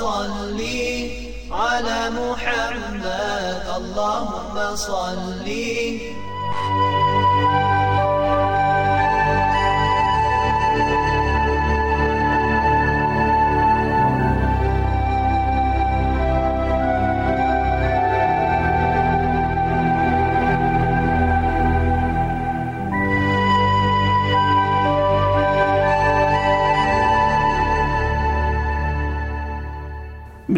صل على محمد اللهم صلِّ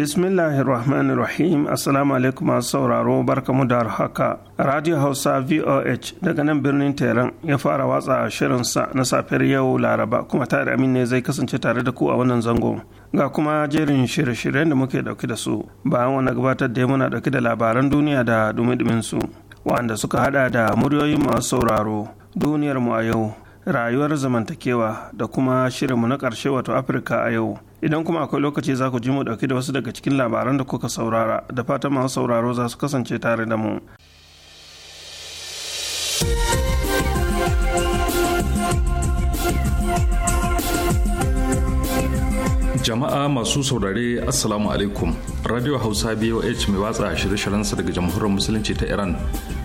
Bismillahirrahmanirrahim Assalamu alaikum masu sauraro barkamu da haka. Radio Hausa VOH daga nan birnin Tehran ya fara watsa shirinsa na safiyar yau Laraba kuma tare amin ne zai kasance tare da ku a wannan zango. Ga kuma jerin shirye-shiryen da muke dauke da su bayan wani gabatar da muna dauke da labaran duniya da dumi su waɗanda suka hada da muryoyin masu sauraro duniyar mu a yau rayuwar zamantakewa da kuma shirinmu na ƙarshe wato afirka a yau idan kuma akwai lokaci za ku ji mu ɗauki da wasu daga cikin labaran da kuka saurara da fatan masu sauraro za su kasance tare da mu jama'a masu saurare assalamu alaikum radio hausa boh mai watsa shirye-shiryensa daga jamhuriyar musulunci ta iran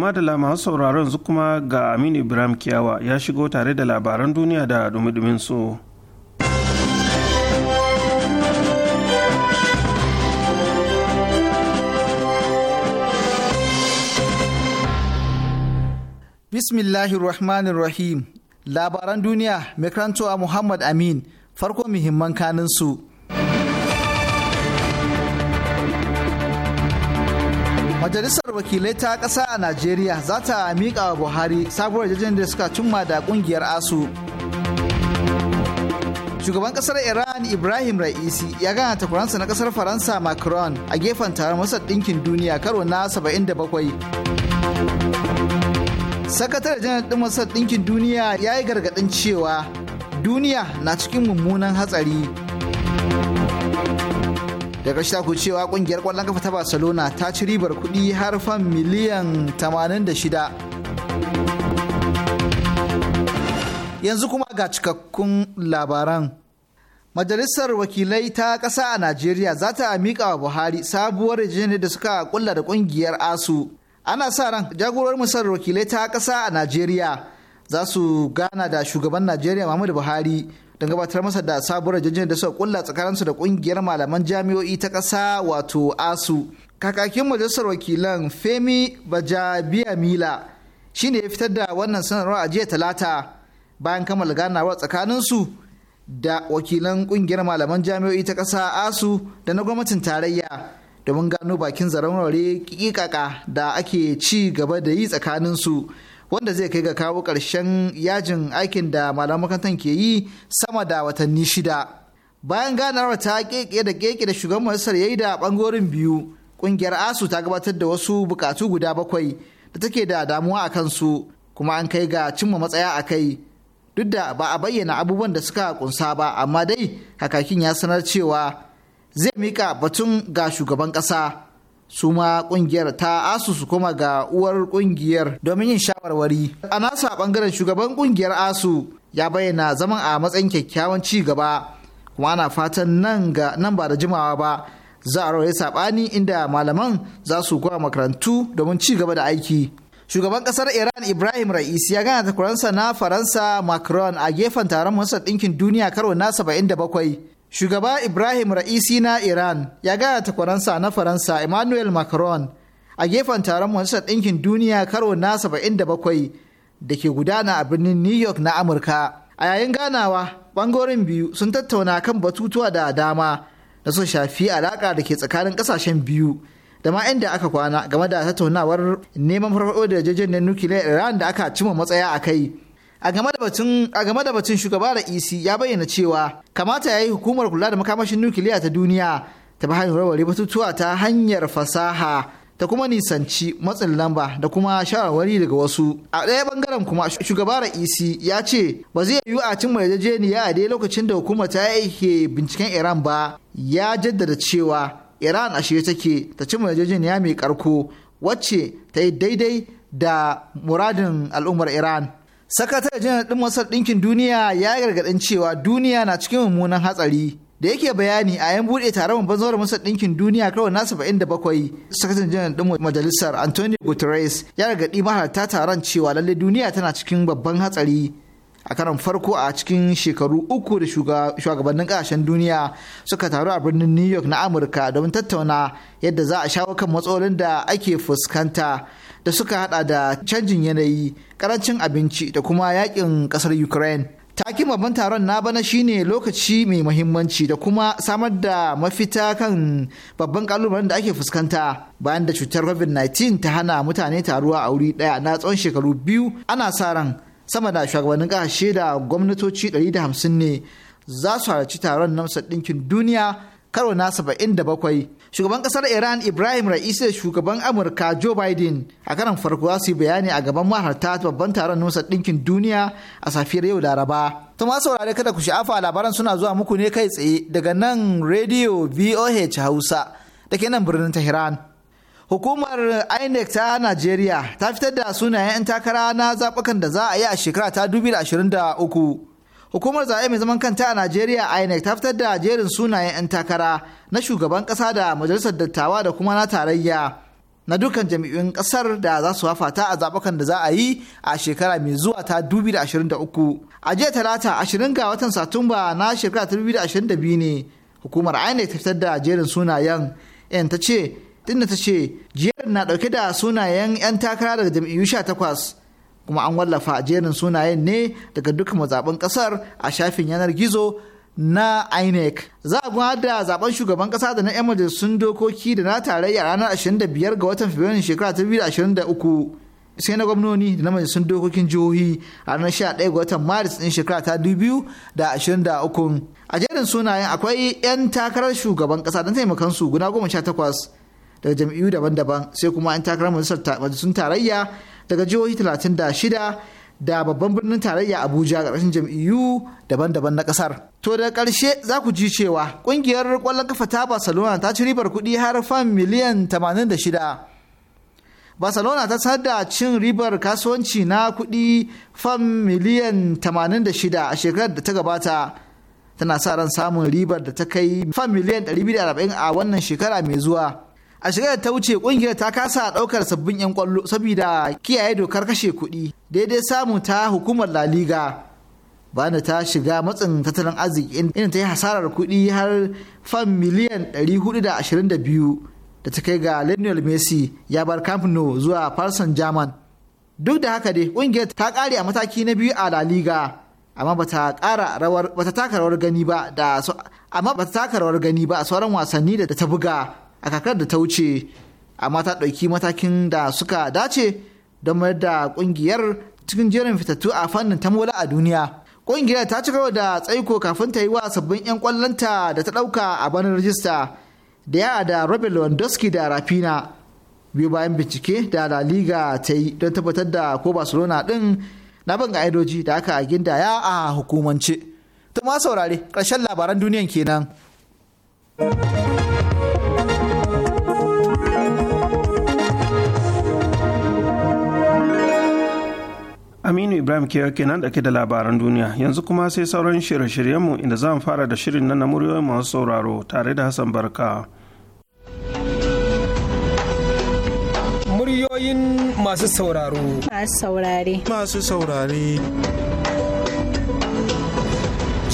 madala masu sauraron yanzu kuma ga Aminu Ibrahim Kiyawa ya shigo tare da labaran duniya da dumi su. Bismillahirrahmanirrahim. Labaran duniya mai karantowa Muhammad Amin farko muhimman kanin su. majalisar wakilai ta ƙasa a najeriya za ta miƙa wa buhari sabuwar jajen da suka cimma da ƙungiyar asu shugaban ƙasar iran ibrahim ra'isi ya gana takwaransa na ƙasar faransa macron a gefen taron masar ɗinkin duniya karo na 77 sakatare janar ɗin masar ɗinkin duniya ya yi gargaɗin cewa duniya na cikin mummunan hatsari da ta ku cewa kungiyar kwallon kafa ta barcelona ta ci ribar kuɗi har fan miliyan 86 yanzu kuma ga cikakkun labaran majalisar wakilai ta ƙasa a najeriya za ta miƙa wa buhari sabuwar yarjejeniyar da suka kulla da ƙungiyar asu ana sa ran jagorar musar wakilai ta ƙasa a najeriya za su gana da shugaban najeriya muhammadu buhari don gabatar masa da sabuwar jirgin da suka kulla tsakaninsu da kungiyar malaman jami'o'i ta ƙasa wato asu kakakin majalisar wakilan femi mila shine ya fitar da wannan sanarwa a jiya talata bayan kammala ganawar tsakaninsu da wakilan kungiyar malaman jami'o'i ta ƙasa asu da na gwamnatin tarayya domin gano bakin zaren kikaka da ake ci gaba da yi tsakaninsu su wanda zai kai ga kawo ƙarshen yajin aikin da malaman makarantar ke yi sama da watanni shida bayan ganawar ta keke da keke da shugaban majalisar yayi da bangorin biyu kungiyar asu ta gabatar da wasu bukatu guda bakwai da take da damuwa a kansu kuma an kai ga cimma matsaya a kai duk da ba a bayyana abubuwan da suka kunsa ba amma dai kakakin ya sanar cewa zai mika batun ga shugaban ƙasa su ma kungiyar ta asu su koma ga uwar kungiyar domin yin shawarwari a nasu a bangaren shugaban kungiyar asu ya bayyana zaman a matsayin kyakkyawan ci gaba kuma ana fatan nan ga nan ba da jimawa ba za a rawaye sabani inda malaman za su koma makarantu domin ci gaba da aiki shugaban ƙasar iran ibrahim ra'isi ya gana takwaransa na faransa macron a gefen taron masar ɗinkin duniya karo na bakwai. shugaba ibrahim ra'isi na iran ya gaya takwaransa na faransa emmanuel macron a gefen taron majalisar ɗinkin duniya karo na 77 da ke gudana a birnin new york na amurka a yayin ganawa bangoren biyu sun tattauna kan batutuwa da dama da sun shafi alaƙa da ke tsakanin ƙasashen biyu da ma inda aka kwana game da tattaunawar neman farfaɗo da na nukiliyar iran da aka cima matsaya a kai a game da batun shugaba da EC ya bayyana cewa kamata ya yi hukumar kula da makamashin nukiliya ta duniya ta ba hanyar warware batutuwa ta hanyar fasaha ta kuma nisanci matsin lamba da kuma shawarwari daga wasu a ɗaya bangaren kuma shugaba da EC ya ce ba zai yiwu a cin yarjejeniya a dai lokacin da hukumar ta yake binciken iran ba ya jaddada cewa iran a shirye take ta cin yarjejeniya mai karko wacce ta yi daidai da muradin al'ummar iran sakatare janar ɗin masar ɗinkin duniya ya gargaɗin cewa duniya na cikin mummunan hatsari da yake bayani a yan buɗe taron babban zuwa masar ɗinkin duniya kawai na saba'in da bakwai sakatar janar ɗin majalisar antonio guterres ya gargaɗi mahalarta taron cewa lallai duniya tana cikin babban hatsari a karan farko a cikin shekaru uku da shugabannin kasashen duniya suka taru a birnin new york na amurka domin tattauna yadda za a shawo kan matsalolin da ake fuskanta da suka hada da canjin yanayi karancin abinci da kuma yakin kasar ukraine takin babban taron na bana shine lokaci mai mahimmanci da kuma samar da mafita kan babban kalubalen da ake fuskanta bayan da cutar covid-19 ta hana mutane taruwa a wuri daya na tsawon shekaru biyu ana sa ran sama da shugabannin kasashe da gwamnatoci 150 ne za su halarci taron na ɗinkin duniya karo na 77 shugaban ƙasar iran ibrahim ra'isi da shugaban amurka joe biden a karan farko za su yi bayani a gaban maharta babban taron nusa ɗinkin duniya a safiyar yau laraba to ma saurare kada ku sha'afa labaran suna zuwa muku ne kai tsaye daga nan radio voh hausa da ke nan birnin tehran Hukumar INEC ta Najeriya ta fitar da sunayen 'yan takara na zaɓukan da za a yi a shekara ta 2023. Hukumar zaɓe mai zaman kanta a Najeriya INEC ta fitar da jerin sunayen 'yan takara na shugaban ƙasa da majalisar dattawa da kuma na tarayya na dukkan jami'in ƙasar da za su wafata a zaɓukan da za a yi a shekara mai zuwa ta 2023. A jiya talata 20 ga watan Satumba na shekara 2022 ne hukumar INEC ta fitar da jerin sunayen 'yan ta ce Tunda ta ce jiyar na dauke da sunayen 'yan takara daga jam'iyyu takwas kuma an wallafa jerin sunayen ne daga dukkan mazaɓin ƙasar a shafin yanar gizo na INEC. Za a gwada da zaben shugaban ƙasa da na 'yan majalisun dokoki da na tarayya ranar 25 ga watan Fabrairu shekara ta 2023. sai na gwamnoni da na majalisun dokokin jihohi a ranar 11 ga watan maris din shekara ta 2023 a jerin sunayen akwai 'yan takarar shugaban kasa don taimakon su guda goma sha takwas daga jam'iyyu daban-daban sai kuma an takarar majalisun tarayya daga jihohi 36 da babban birnin tarayya abuja ƙarshen jam'iyyu daban-daban na kasar. to da ƙarshe za ku ji cewa ƙungiyar kwallon kafa ta barcelona ta ci ribar kuɗi har fan miliyan 86 barcelona ta sanar da cin ribar kasuwanci na kuɗi fan miliyan 86 a shekarar da ta gabata tana sa ran samun ribar da ta kai fan miliyan 240 a wannan shekara mai zuwa a shirya ta wuce kungiyar ta kasa daukar sabbin yan kwallo saboda kiyaye dokar kashe kuɗi daidai samu ta hukumar laliga. liga bana ta shiga matsin tattalin arziki inda ta yi hasarar kuɗi har fan miliyan 422 da ta kai ga Lionel Messi ya bar Camp Nou zuwa Farsan German. Duk da haka dai kungiyar ta kare a mataki na biyu a La Liga amma bata kara rawar taka rawar gani ba da amma bata taka rawar gani ba a sauran wasanni da ta buga a kakar da ta wuce amma ta ɗauki matakin da suka dace don mayar da ƙungiyar cikin jerin fitattu a fannin tamola a duniya ƙungiyar ta ci da tsaiko kafin ta yi wa sabbin 'yan ƙwallonta da ta ɗauka a banin rajista da ya da robert lewandowski da rafina biyu bayan bincike da la liga ta yi don tabbatar da ko barcelona ɗin na bin ka'idoji da aka gindaya a hukumance. tuma ma saurare, ƙarshen labaran duniyan kenan. Aminu Ibrahim ke kenan dake da labaran duniya yanzu kuma sai sauran shirye-shiryenmu inda mu fara da shirin na muryoyin masu sauraro tare da Hassan Barka. Muryoyin masu sauraro. Masu saurare. Masu saurare.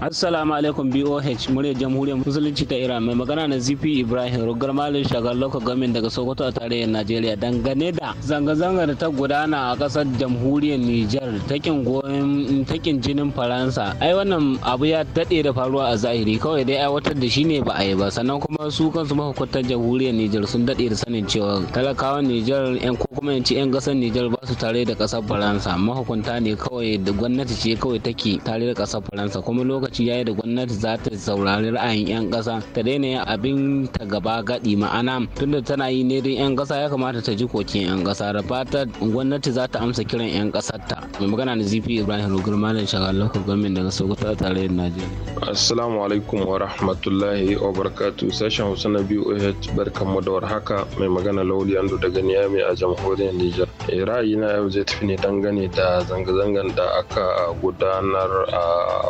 Assalamu alaikum BOH murya jamhuriyar musulunci ta Iran mai magana na ZP Ibrahim Rugar Malin Shagar Local Government daga Sokoto a tarayyar Najeriya dangane da zanga-zangar da ta gudana a kasar jamhuriyar Nijar takin goyon takin jinin Faransa. Ai wannan abu ya daɗe da faruwa a zahiri kawai dai aiwatar da shi ne ba a yi ba sannan kuma su kansu mahukuntan jamhuriyar Nijar sun dade da sanin cewa talakawan Nijar yan ko kuma yanci yan kasar Nijar ba su tare da kasar Faransa mahukunta ne kawai da gwamnati ce kawai take tare da kasar Faransa kuma lokacin lokaci yayi da gwamnati za ta saurari ra'ayin 'yan kasa ta daina yin abin ta gaba gadi ma'ana tunda tana yi ne don 'yan kasa ya kamata ta ji kokin 'yan kasa da fata gwamnati za ta amsa kiran 'yan ƙasar ta mai magana na zifi ibrahim rugar malam shagalar gwamnati daga sokoto a tarayyar najeriya assalamu alaikum wa rahmatullahi wa barakatu sashen hausa na boh barkanmu da warhaka mai magana lauli ando daga niyami a jamhuriyar niger eh, ra'ayina yau zai tafi ne dangane da zanga-zangan da aka gudanar a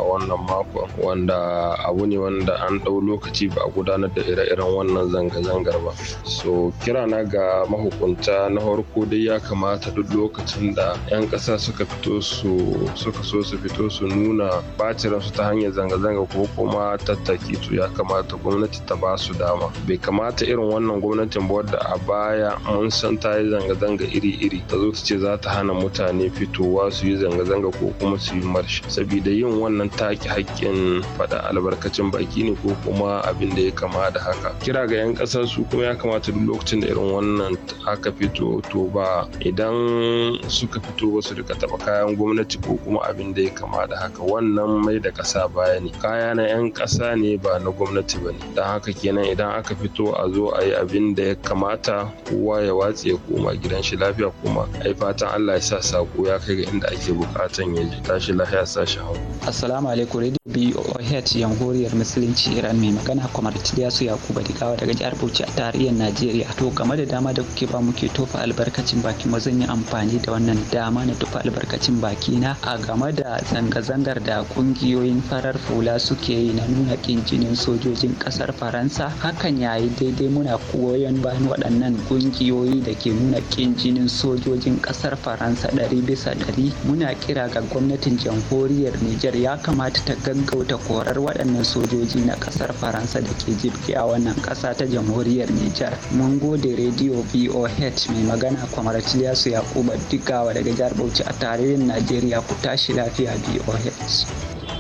wannan mako wanda abu ne wanda an ɗau lokaci ba a gudanar da ire-iren wannan zanga-zangar ba. So kira na ga mahukunta na farko dai ya kamata duk lokacin da 'yan ƙasa suka fito su suka so su fito su nuna bacin su ta hanyar zanga-zanga ko kuma tattaki to ya kamata gwamnati ta ba su dama. Bai kamata irin wannan gwamnatin ba wadda a baya mun san ta yi zanga-zanga iri-iri ta zo ta ce za ta hana mutane fitowa su yi zanga-zanga ko kuma su yi marshi. Sabida yin wannan take haƙƙi. hakkin faɗa albarkacin baki ne ko kuma abin da ya kama da haka kira ga 'yan ƙasa su kuma ya kamata duk lokacin da irin wannan aka fito to ba idan suka fito ba su rika taɓa kayan gwamnati ko kuma abin da ya kama da haka wannan mai da ƙasa baya ne kaya na 'yan ƙasa ne ba na gwamnati ba ne don haka kenan idan aka fito a zo a yi abin da ya kamata kowa ya watse ya koma gidan shi lafiya kuma ai fatan Allah ya sa sako ya kai ga inda ake bukatan ya tashi lafiya sashi hau assalamu alaikum BOH Jamhuriyar Musulunci Iran mai magana Kwamar Tiliyasu Yakuba Digawa daga jihar Bauchi a tarihin Najeriya. To game da dama da kuke ba muke tofa albarkacin baki mu zan yi amfani da wannan dama na tofa albarkacin baki na a game da zanga-zangar da kungiyoyin farar Fula suke yi na nuna kinjinin jinin sojojin kasar Faransa. Hakan yayi daidai muna koyon bayan waɗannan kungiyoyi da ke nuna kinjinin sojojin kasar Faransa ɗari bisa ɗari muna kira ga gwamnatin jamhuriyar Nijar ya kamata ta gaggauta korar waɗannan sojoji na ƙasar faransa da ke jibge a wannan ƙasa ta jamhuriyar nijar mun gode rediyo voh mai magana kwamar su yakuba dukawa daga jihar bauchi a tarihin najeriya ku tashi lafiya voh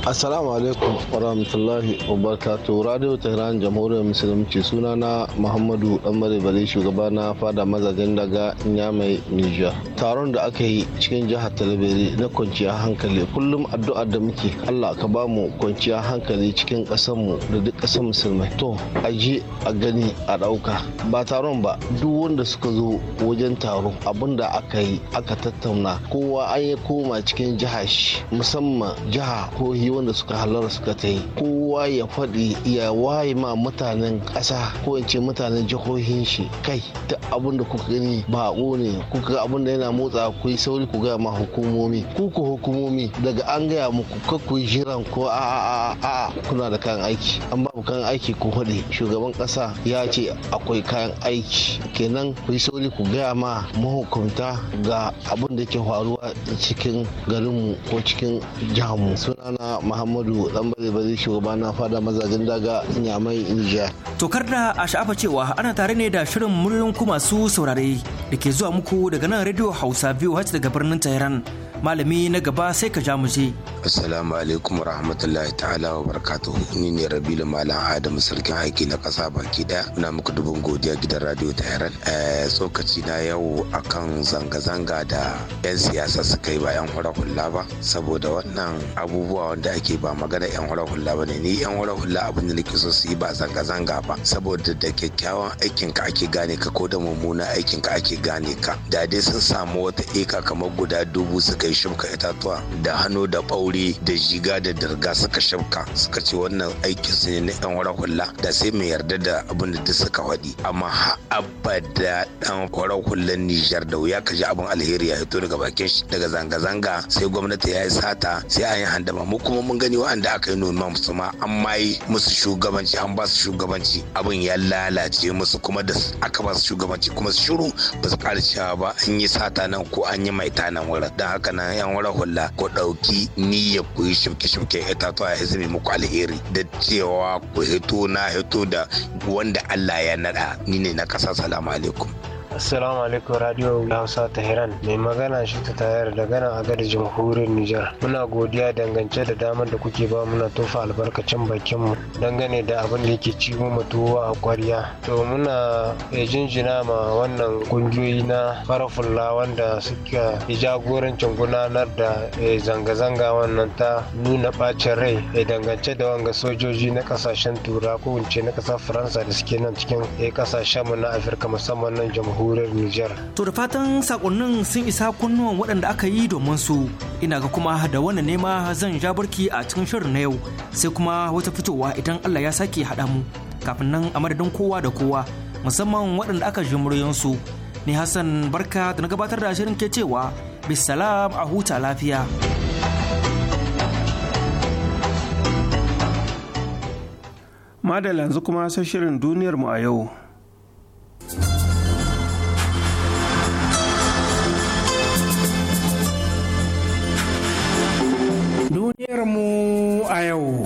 Assalamu alaikum warahmatullahi wabarakatuh Radio Tehran Jamhuriyar Musulunci suna na Muhammadu Ɗanbare Bale shugaba na fada mazajen daga Nyamai Nijar. Taron da aka yi cikin jihar talibiri na kwanciya hankali kullum addu'ar da muke Allah ka bamu samu kwanciyar hankali cikin mu da duk ƙasar musulmai to a je a gani a ɗauka ba taron ba duk wanda suka zo wajen taro Abunda aka yi aka tattauna kowa an yi koma cikin jiha shi musamman jiha ko wanda suka halar suka ta yi kowa ya faɗi ya waye ma mutanen ƙasa ko in ce mutanen jihohin shi kai ta abin kuka gani ba ne kuka abin yana motsa ku sauri ku gaya ma hukumomi ku ku hukumomi daga an gaya muku kakku jiran ko cewa a a a kuna da kayan aiki an babu kayan aiki ko hade shugaban kasa ya ce akwai kayan aiki kenan ku yi sauri ku gaya ma mahukunta ga abin da ke faruwa cikin garinmu ko cikin Suna sunana muhammadu dan bare shugaba na fada mazajen daga nyamai nijar tokar da a sha'afa cewa ana tare ne da shirin muryoyin ku masu saurare da ke zuwa muku daga nan radio hausa biyu har daga birnin tehran malami na gaba sai ka ja mu je assalamu alaikum rahmatullahi ta'ala wa barakatuhu ni ne rabilu malam adamu sarkin aiki na kasa baki daya muna muku dubin godiya gidan radio tehran eh, tsokaci na yau akan zanga-zanga da yan siyasa suka yi ba yan hura hula ba saboda wannan abubuwa wanda ake ba magana yan hura hula ba ne ni yan hura hula abin da nake so su yi ba zanga-zanga ba saboda da kyakkyawan aikinka ake gane ka ko da mummunan aikinka ake gane ka da dai sun samu wata eka kamar guda dubu suka sai shimka itatuwa da hannu da ɓaure da jiga da dirga suka shimka suka ce wannan aikin su ne na yan warahulla da sai mai yarda da abin da duk suka faɗi amma ha abada dan warahullan hullan Nijar da wuya kaji abin alheri ya hito daga bakin shi daga zanga-zanga sai gwamnati ya yi sata sai an yi handama mu kuma mun gani wa'anda aka yi noma musu ma an ma yi musu shugabanci an ba su shugabanci abin ya lalace musu kuma da aka ba su shugabanci kuma su shiru ba su ƙarshe ba an yi sata nan ko an yi maita tanan wurin don haka na yan wara hula ku ɗauki niyyar ku yi shibke-shibke itatuwa ya zame muku alheri da cewa ku hito na hito da wanda Allah ya naɗa ni ne na kasa salamu alaikum. Assalamu alaikum Radio Hausa Tehran mai magana shi ta tayar da gana a gadar jamhuriyar Nijar. Muna godiya dangance da damar da kuke ba muna tofa albarkacin bakin mu dangane da abin da yake ci mu tuwa a kwarya. To muna eh, jinjina ma wannan kungiyoyi na farafulla wanda suka yi jagorancin gudanar da eh, zanga-zanga wannan ta nuna bacin rai eh, dangance da wanga sojoji na kasashen tura ko na kasar Faransa da suke nan cikin kasashen mu na Afirka musamman nan jamhuriyar jamhuriyar Nijar. To da fatan sakonnin sun isa kunnuwan waɗanda aka yi domin su ina ga kuma da wani nema zan ja barki a cikin shirin na yau sai kuma wata fitowa idan Allah ya sake haɗa mu kafin nan a madadin kowa da kowa musamman waɗanda aka ji su ni Hassan barka da na gabatar da shirin ke cewa bisalam a huta lafiya. Madalla yanzu kuma sai shirin duniyar mu a yau. mu a yau.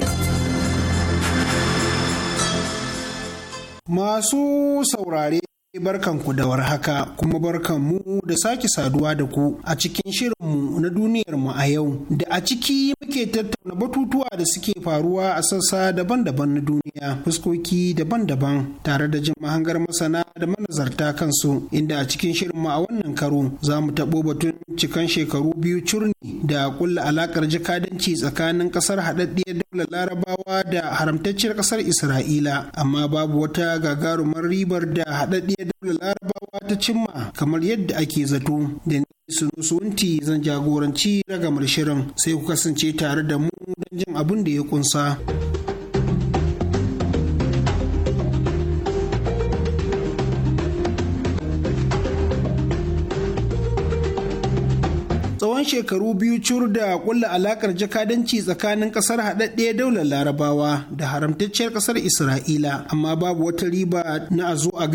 Masu saurare Barkanku da warhaka kuma barkan mu da sake saduwa da ku a cikin shirinmu na duniyarmu a yau da a ciki muke tattauna batutuwa da suke faruwa a sassa daban-daban na duniya fuskoki daban-daban tare da jin mahangar masana da manazarta kansu inda a cikin shirin mu a wannan karo za mu taɓo batun cikan shekaru biyu curni da kulla alakar jakadanci tsakanin ƙasar haɗaɗɗiyar daular larabawa da haramtacciyar ƙasar isra'ila amma babu wata gagarumar ribar da haɗaɗɗiyar da larabawa ta cimma kamar yadda ake zato da ni sunusunti zan jagoranci ragamar shirin sai ku kasance tare da mu don jin abin da ya kunsa. tsawon shekaru biyu cur da kulla alakar jakadanci tsakanin kasar haɗaɗɗe daular larabawa da haramtacciyar kasar isra'ila amma babu wata riba na a zo a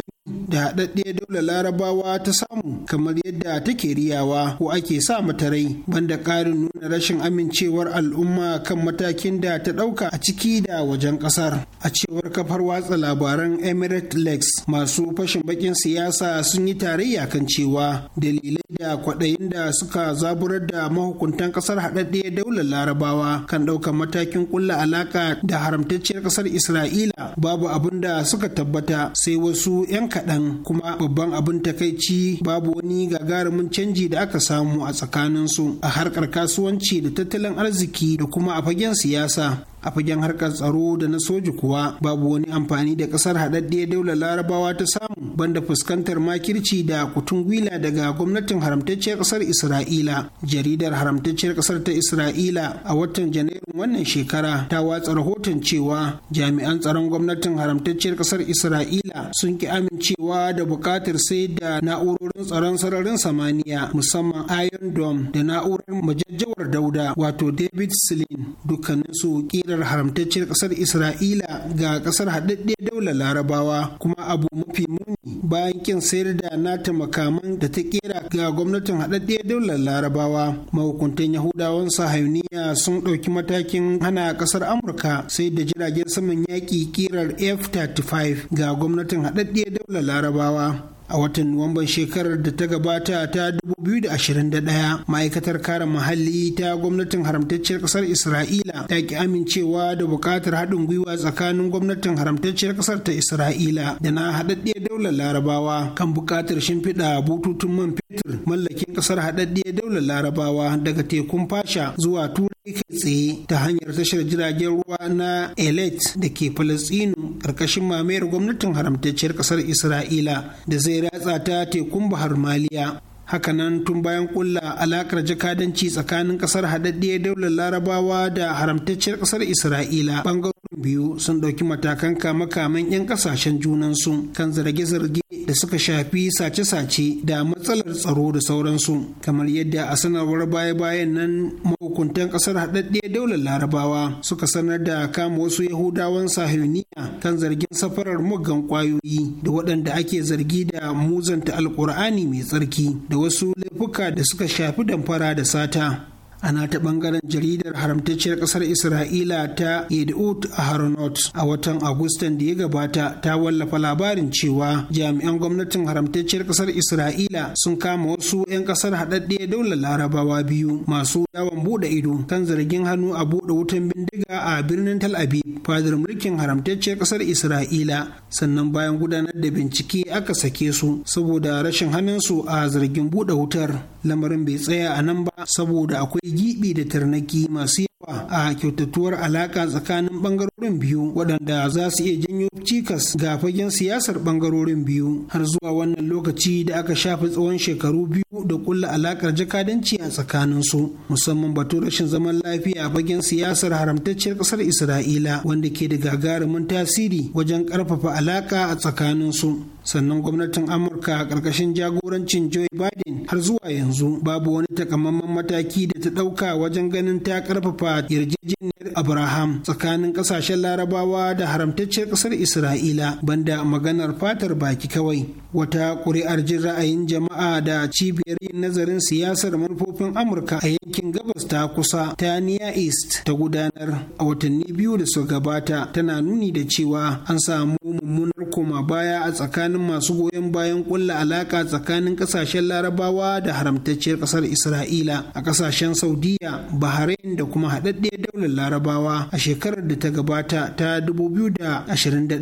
da haɗaɗɗe daular larabawa ta samu kamar yadda take riyawa ko ake sa mata rai banda ƙarin nuna rashin amincewar al'umma kan matakin da ta ɗauka a ciki da wajen ƙasar a cewar kafar watsa labaran emirate lex masu fashin bakin siyasa sun yi tarayya kan cewa dalilai da kwaɗayin da suka zaburar da mahukuntan ƙasar haɗaɗɗiyar daular larabawa kan ɗaukar matakin ƙulla alaƙa da haramtacciyar ƙasar isra'ila babu abin da suka tabbata sai wasu 'yan kaɗan kaɗan kuma babban abin takaici babu wani gagarumin canji da aka samu a tsakanin su a harkar kasuwanci da tattalin arziki da kuma a fagen siyasa a fagen harkar tsaro da na soji kuwa babu wani amfani da kasar haɗaɗɗiyar daular larabawa ta samu banda fuskantar makirci da kutun gwila daga gwamnatin haramtacciyar kasar isra'ila jaridar haramtacciyar kasar ta isra'ila a watan janairun wannan shekara ta watsa rahoton cewa jami'an tsaron gwamnatin haramtacciyar kasar isra'ila sun ki amincewa da buƙatar sai da na'urorin tsaron sararin samaniya musamman iron dome da na'urar majajjawar dauda wato david slin dukkaninsu su shimfiɗar haramtacciyar ƙasar isra'ila ga ƙasar haɗaɗɗe daular larabawa kuma abu mafi muni bayan kin sayar da nata makaman da ta kera ga gwamnatin haɗaɗɗe daular larabawa mahukuntan yahudawan sahayuniya sun ɗauki matakin hana ƙasar amurka sai da jiragen saman yaƙi kirar f-35 ga gwamnatin haɗaɗɗe daular larabawa a watan nuwamban shekarar da ta gabata ta 2021 ma'aikatar kare muhalli ta gwamnatin haramtacciyar ƙasar isra'ila ta ki amincewa da buƙatar haɗin gwiwa tsakanin gwamnatin haramtacciyar ƙasar ta isra'ila da na haɗaɗɗiyar daular larabawa kan buƙatar shimfiɗa bututun man fetur mallakin ƙasar haɗaɗɗe daular larabawa daga tekun fasha zuwa Tura. yake tsaye ta hanyar tashar jiragen ruwa na elet da ke Falasinu ƙarƙashin mamayar gwamnatin haramtacciyar ƙasar isra'ila da zai ratsa ta tekun bahar maliya hakanan tun bayan kulla alakar jakadanci tsakanin kasar haɗaɗɗiyar daular larabawa da haramtacciyar kasar isra'ila ɓangarorin biyu sun ɗauki matakan kama kaman 'yan ƙasashen junansu kan zarge-zarge da suka shafi sace-sace da matsalar tsaro da sauransu kamar yadda a sanarwar baya-bayan nan mahukuntan kasar haɗaɗɗiyar daular larabawa suka sanar da kama wasu yahudawan sahiyoniya kan zargin safarar muggan ƙwayoyi da waɗanda ake zargi da muzanta alkur'ani mai tsarki da wasu laifuka da suka shafi damfara da sata ana ta bangaren jaridar haramtacciyar kasar isra'ila ta a haronot a watan agustan da ya gabata ta wallafa labarin cewa jami'an gwamnatin haramtacciyar kasar isra'ila sun kama wasu 'yan kasar haɗaɗɗe daular larabawa biyu masu yawon buɗe ido kan zargin hannu a buɗe wutan bindiga a birnin tal aviv fadar mulkin haramtacciyar kasar isra'ila sannan bayan gudanar da bincike aka sake su saboda rashin hannunsu a zargin buɗe wutar lamarin bai tsaya a nan ba saboda akwai gibi da tarnaki masu yawa a kyautatuwar alaka tsakanin bangarorin biyu waɗanda za su iya janyo cikas ga fagen siyasar bangarorin biyu har zuwa wannan lokaci da aka shafi tsawon shekaru biyu da kulla alakar jakadanci a tsakanin su musamman batu rashin zaman lafiya a fagen siyasar haramtacciyar ƙasar isra'ila wanda ke da gagarumin tasiri wajen ƙarfafa alaka a tsakanin su sannan gwamnatin amurka ƙarƙashin jagorancin joe biden har zuwa yanzu babu wani takamaiman mataki da ta ɗauka wajen ganin ta karfafa yarjejeniyar abraham tsakanin ƙasashen larabawa da haramtacciyar ƙasar isra'ila banda maganar fatar baki kawai wata ƙuri'ar jin ra'ayin jama'a da cibiyar yin nazarin siyasar manufofin amurka a yankin gabas ta kusa ta niya east ta gudanar a watanni biyu da su gabata tana nuni da cewa an samu mummunan. koma baya a tsakanin masu goyon bayan kulla alaka tsakanin kasashen larabawa da haramtacciyar kasar isra'ila a kasashen saudiya bahrain da kuma haɗaɗɗiyar daular larabawa a shekarar da ta gabata ta 2021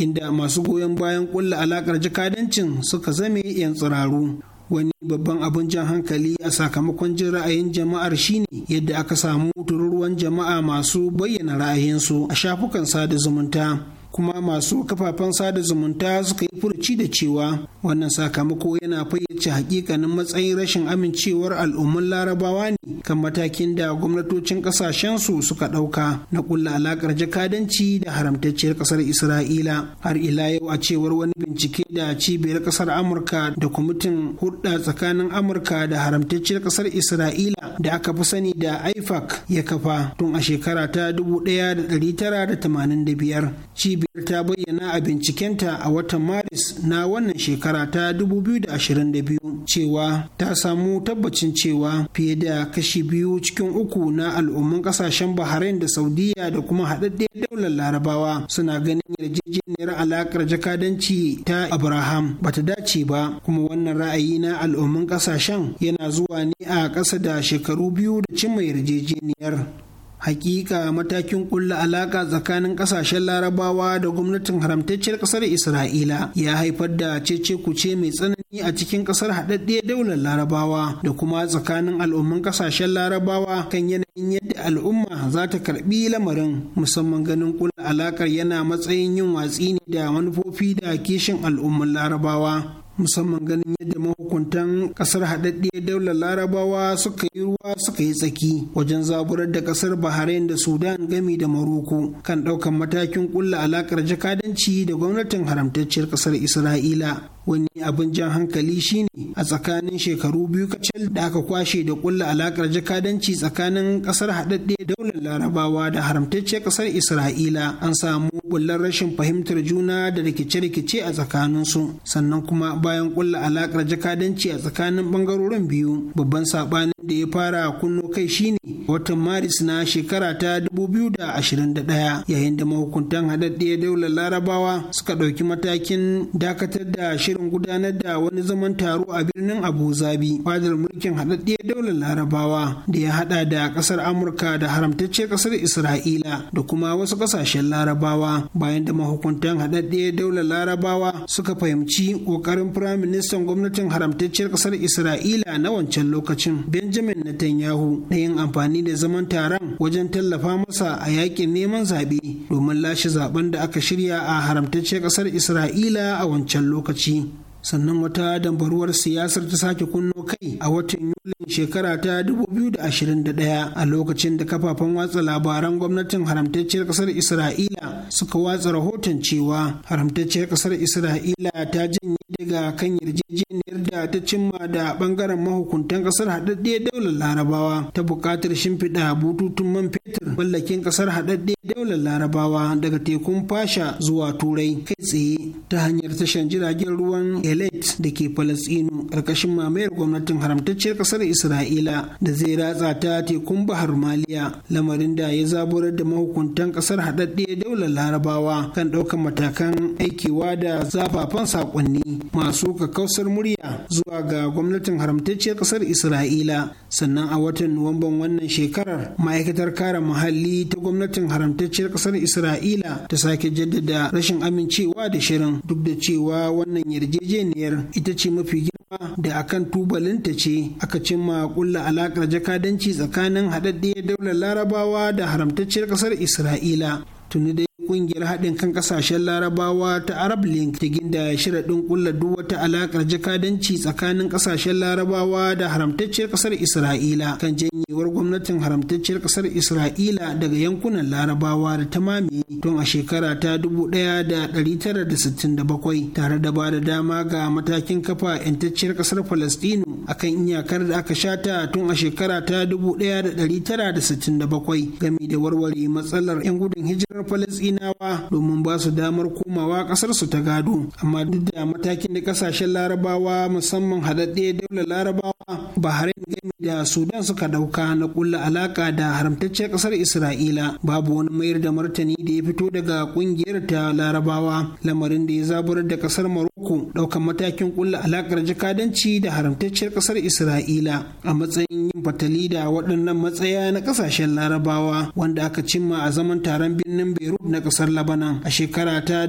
inda masu goyon bayan kulla alakar jakadancin suka zame 'yan tsiraru wani babban abin jan hankali a sakamakon jin ra'ayin jama'ar shine yadda aka samu tururuwan jama'a masu bayyana ra'ayinsu a shafukan sada zumunta kuma masu kafafen sada zumunta suka yi furuci da cewa wannan sakamako yana fayyace hakikanin matsayin rashin amincewar al'umman larabawa ne kan matakin da gwamnatocin kasashensu suka ɗauka na kulla alakar jakadanci da haramtacciyar ƙasar isra'ila har ila yau a cewar wani bincike da cibiyar ƙasar amurka da kwamitin hulɗa tsakanin amurka da haramtacciyar ƙasar isra'ila da aka fi sani da ifac ya kafa tun a shekara ta dubu ɗaya da da ɗari tara tamanin 1985 cibiyar ta bayyana a bincikenta a watan maris na wannan shekara ta 2022 cewa ta samu tabbacin cewa fiye da kashi biyu cikin uku na al'umman kasashen bahrain da saudiya da kuma haɗaɗɗiyar daular larabawa suna ganin yarjejeniyar alakar jakadanci ta abraham bata dace ba kuma wannan ra'ayi na al'umman kasashen yana zuwa ne a ƙasa da shekaru biyu da cimma yarjejeniyar hakika matakin kulla alaka tsakanin kasashen larabawa da gwamnatin haramtacciyar kasar isra'ila ya haifar da cece kuce mai tsanani a cikin kasar haɗaɗɗiyar daular larabawa da kuma tsakanin al'umman kasashen larabawa kan yanayin yadda al'umma za ta karɓi lamarin musamman ganin kulla alakar yana matsayin yin watsi ne da manufofi da kishin al'umman larabawa musamman ganin yadda mahukuntan kasar haɗaɗɗiyar daular larabawa suka yi ruwa suka yi tsaki wajen zaburar da kasar bahrain da sudan gami da maroko kan ɗaukan matakin ƙulla alaƙar jakadanci da gwamnatin haramtacciyar kasar isra'ila wani abin jan hankali shine a tsakanin shekaru biyu kacal da aka kwashe da kulla alakar jakadanci tsakanin kasar haɗaɗɗe daular larabawa da haramtacciyar kasar isra'ila an samu bullar rashin fahimtar juna da rikice-rikice a tsakaninsu sannan kuma ba bayan kulla alakar jakadanci a tsakanin bangarorin biyu babban sabanin da ya fara kunno kai shine watan maris na shekara ta 2021 yayin da mahukuntan haɗaɗɗiyar daular larabawa suka ɗauki matakin dakatar da shirin gudanar da wani zaman taro a birnin abu zabi fadar mulkin haɗaɗɗiyar daular larabawa da ya haɗa da ƙasar amurka da haramtacciyar ƙasar isra'ila da kuma wasu ƙasashen larabawa bayan da mahukuntan haɗaɗɗiyar daular larabawa suka fahimci ƙoƙarin firaministan gwamnatin haramtacciyar kasar isra'ila na wancan lokacin benjamin netanyahu na yin amfani da zaman taron wajen tallafa masa a yakin neman zaɓe domin lashe zaben da aka shirya a haramtacciyar kasar isra'ila a wancan lokaci sannan wata dambaruwar siyasar ta sake kunno kai a watan yulin shekara ta 2021 a lokacin da kafafen watsa labaran gwamnatin haramtacciyar kasar isra'ila suka watsa rahoton cewa haramtacciyar kasar isra'ila ta janye daga kan yarjejeniyar da ta cimma da bangaren mahukuntan kasar haɗaɗɗe daular larabawa ta buƙatar shimfiɗa bututun man fetur mallakin ƙasar haɗaɗɗe daular larabawa daga tekun fasha zuwa turai kai tsaye ta hanyar tashan jiragen ruwan elite da ke falasɗinu ƙarƙashin mamayar gwamnatin haramtacciyar kasar isra'ila da zai ratsa ta tekun bahar maliya lamarin da ya zaburar da mahukuntan ƙasar haɗaɗɗe daular larabawa kan ɗaukar matakan aikewa da zafafan saƙonni masu kakausar murya zuwa ga gwamnatin haramtacciyar kasar isra'ila sannan a watan nuwamban wannan shekarar ma'aikatar kare kare muhalli ta gwamnatin haramtacciyar kasar isra'ila ta sake jaddada rashin amincewa da shirin duk da cewa wannan yarjejeniyar ita ce mafi girma da akan tubalinta ce aka cimma kulla alakar jakadanci tsakanin haɗaɗɗiyar daular larabawa da haramtacciyar kasar isra'ila tuni da kungiyar haɗin kan ƙasashen larabawa ta arab link ta ginda ɗin ƙulla duk wata alaƙar jakadanci tsakanin ƙasashen larabawa da haramtacciyar ƙasar isra'ila kan janyewar gwamnatin haramtacciyar ƙasar isra'ila daga yankunan larabawa da ta mamaye tun a shekara ta 1967 tare da ba da dama ga matakin kafa 'yantacciyar ƙasar falastinu akan iyakar da aka shata tun a shekara ta 1967 game da warware matsalar 'yan gudun hijirar falasɗina Falasɗinawa domin ba su damar komawa ƙasarsu ta gado. Amma duk da matakin da ƙasashen Larabawa musamman haɗaɗɗe daular Larabawa Bahrain gami da Sudan suka ɗauka na ƙulla alaƙa da haramtacciyar ƙasar Isra'ila babu wani mayar da martani da ya fito daga ƙungiyar ta Larabawa lamarin da ya zaburar da ƙasar Morocco uku ɗaukan matakin kulla alakar jakadanci da haramtacciyar ƙasar isra'ila a matsayin yin fatali da waɗannan matsaya na ƙasashen larabawa wanda aka cimma a zaman taron birnin beirut na ƙasar labanan a shekara ta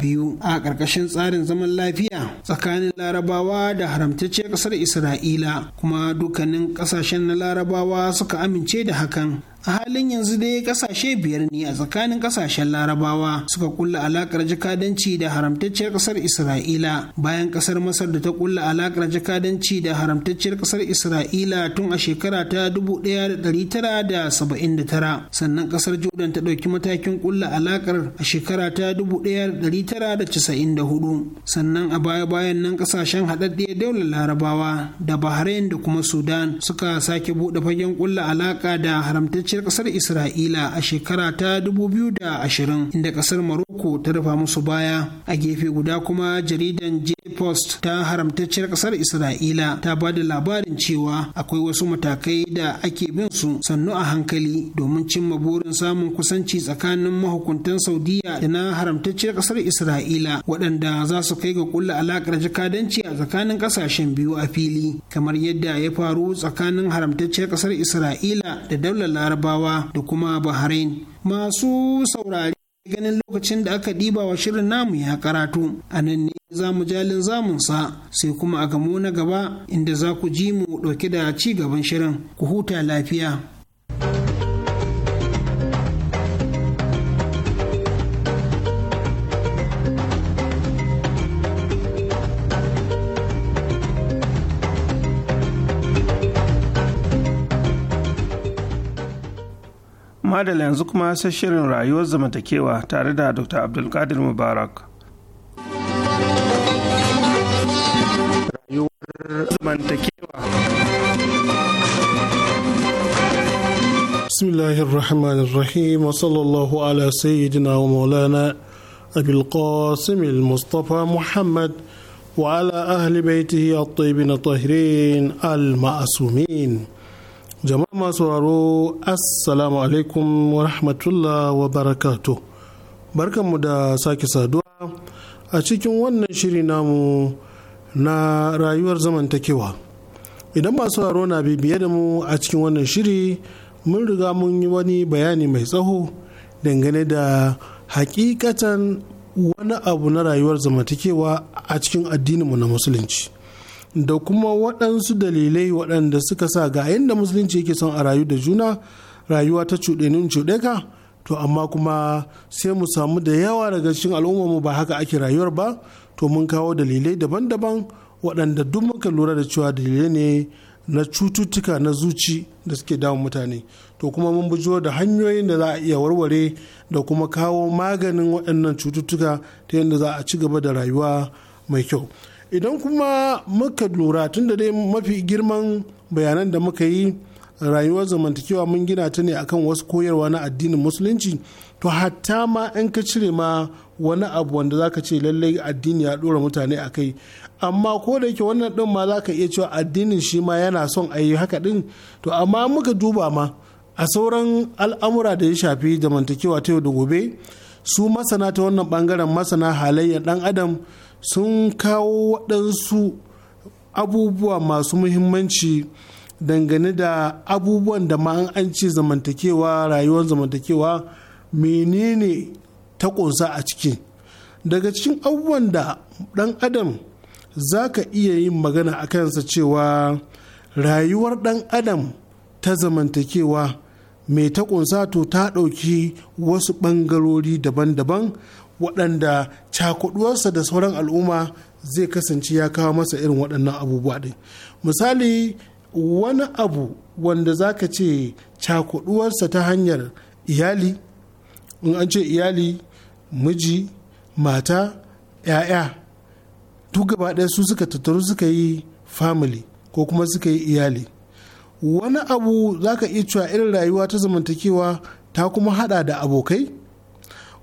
biyu a ƙarƙashin tsarin zaman lafiya tsakanin larabawa da haramtacciyar ƙasar isra'ila kuma dukkanin ƙasashen na larabawa suka amince da hakan a halin yanzu dai kasashe biyar ne a tsakanin kasashen larabawa suka kulla alakar jakadanci da haramtacciyar kasar isra'ila bayan kasar masar da ta kulla alakar jakadanci da haramtacciyar kasar isra'ila tun a shekara ta 1979 sannan kasar jordan ta ɗauki matakin kulla alakar a shekara ta 1994 sannan a baya-bayan nan kasashen haɗaɗɗiyar daular larabawa da bahrain da kuma sudan suka sake buɗe fagen kulla alaka da haramtacciyar haramtacciyar kasar isra'ila a shekara ta 2020 inda kasar maroko ta rufa musu baya a gefe guda kuma jaridan j post ta haramtacciyar kasar isra'ila ta ba da labarin cewa akwai wasu matakai da ake bin su sannu a hankali domin cimma burin samun kusanci tsakanin mahukuntan saudiya da na haramtacciyar kasar isra'ila waɗanda za su kai ga kulla alakar jakadanci a tsakanin ƙasashen biyu a fili kamar yadda ya faru tsakanin haramtacciyar kasar isra'ila da daular larabawa larabawa da kuma bahrain masu saurari ganin lokacin da aka ɗiba wa shirin namu ya karatu a nan ne za mu jalin zamunsa sai kuma a gamo na gaba inda za ku ji mu ɗauke da ci gaban shirin ku huta lafiya madala yanzu kuma sai shirin rayuwar zamantakewa tare da dr abdulkadir mubarak rayuwar zamantakewa bismillahir rahmanir rahim wa sallallahu ala sayyidina wa maulana abil qasim al mustafa muhammad وعلى أهل بيته الطيبين الطاهرين المعصومين jama'a masu waro assalamu alaikum wa rahmatullah wa barakatu barkanmu da sake saduwa a cikin wannan shiri namu na rayuwar zamantakewa idan masu waro na bibiye da mu a cikin wannan shiri mun riga mun yi wani bayani mai tsaho dangane da hakikatan wani abu na rayuwar zamantakewa a cikin addininmu na musulunci da kuma waɗansu dalilai waɗanda suka sa ga yadda musulunci yake son a rayu da juna rayuwa ta ni cuɗe ka to amma kuma sai mu samu da yawa daga cikin mu ba haka ake rayuwar ba to mun kawo dalilai daban-daban waɗanda duk muka lura da cewa dalilai ne na cututtuka na zuci da suke damun mutane to kuma mun bujo da hanyoyin da za a iya warware da kuma kawo maganin waɗannan cututtuka ta yadda za a ci gaba da rayuwa mai kyau idan kuma muka lura tun da dai mafi girman bayanan da muka yi rayuwar zamantakewa mun gina ta ne akan wasu koyarwa na addinin musulunci to hatta ma in ka cire ma wani abu wanda zaka ce lallai addini ya dora mutane a kai amma ko da yake wannan din ma zaka iya cewa addinin shi ma yana son a yi haka din to amma muka duba ma a sauran al'amura da ya shafi zamantakewa ta yau da gobe su masana ta wannan bangaren masana halayyar dan adam sun kawo waɗansu abubuwa masu muhimmanci dangane da abubuwan da ma an ce zamantakewa rayuwar zamantakewa menene ta ƙunsa a ciki daga cikin abubuwan da ɗan adam za ka iya yin magana a kansa cewa rayuwar ɗan adam ta zamantakewa mai ta ƙunsa to ta ɗauki wasu ɓangarori daban-daban waɗanda cakuɗuwarsa da sauran al'umma zai kasance ya kawo masa irin waɗannan abubuwa ɗin misali wani abu wanda za ka ce cakuɗuwarsa ta hanyar iyali in an ce iyali miji mata 'ya'ya duk gaba ɗaya su suka tattaru suka yi family ko kuma suka yi iyali wani abu za ka iya cewa irin rayuwa ta zamantakewa ta kuma hada da abokai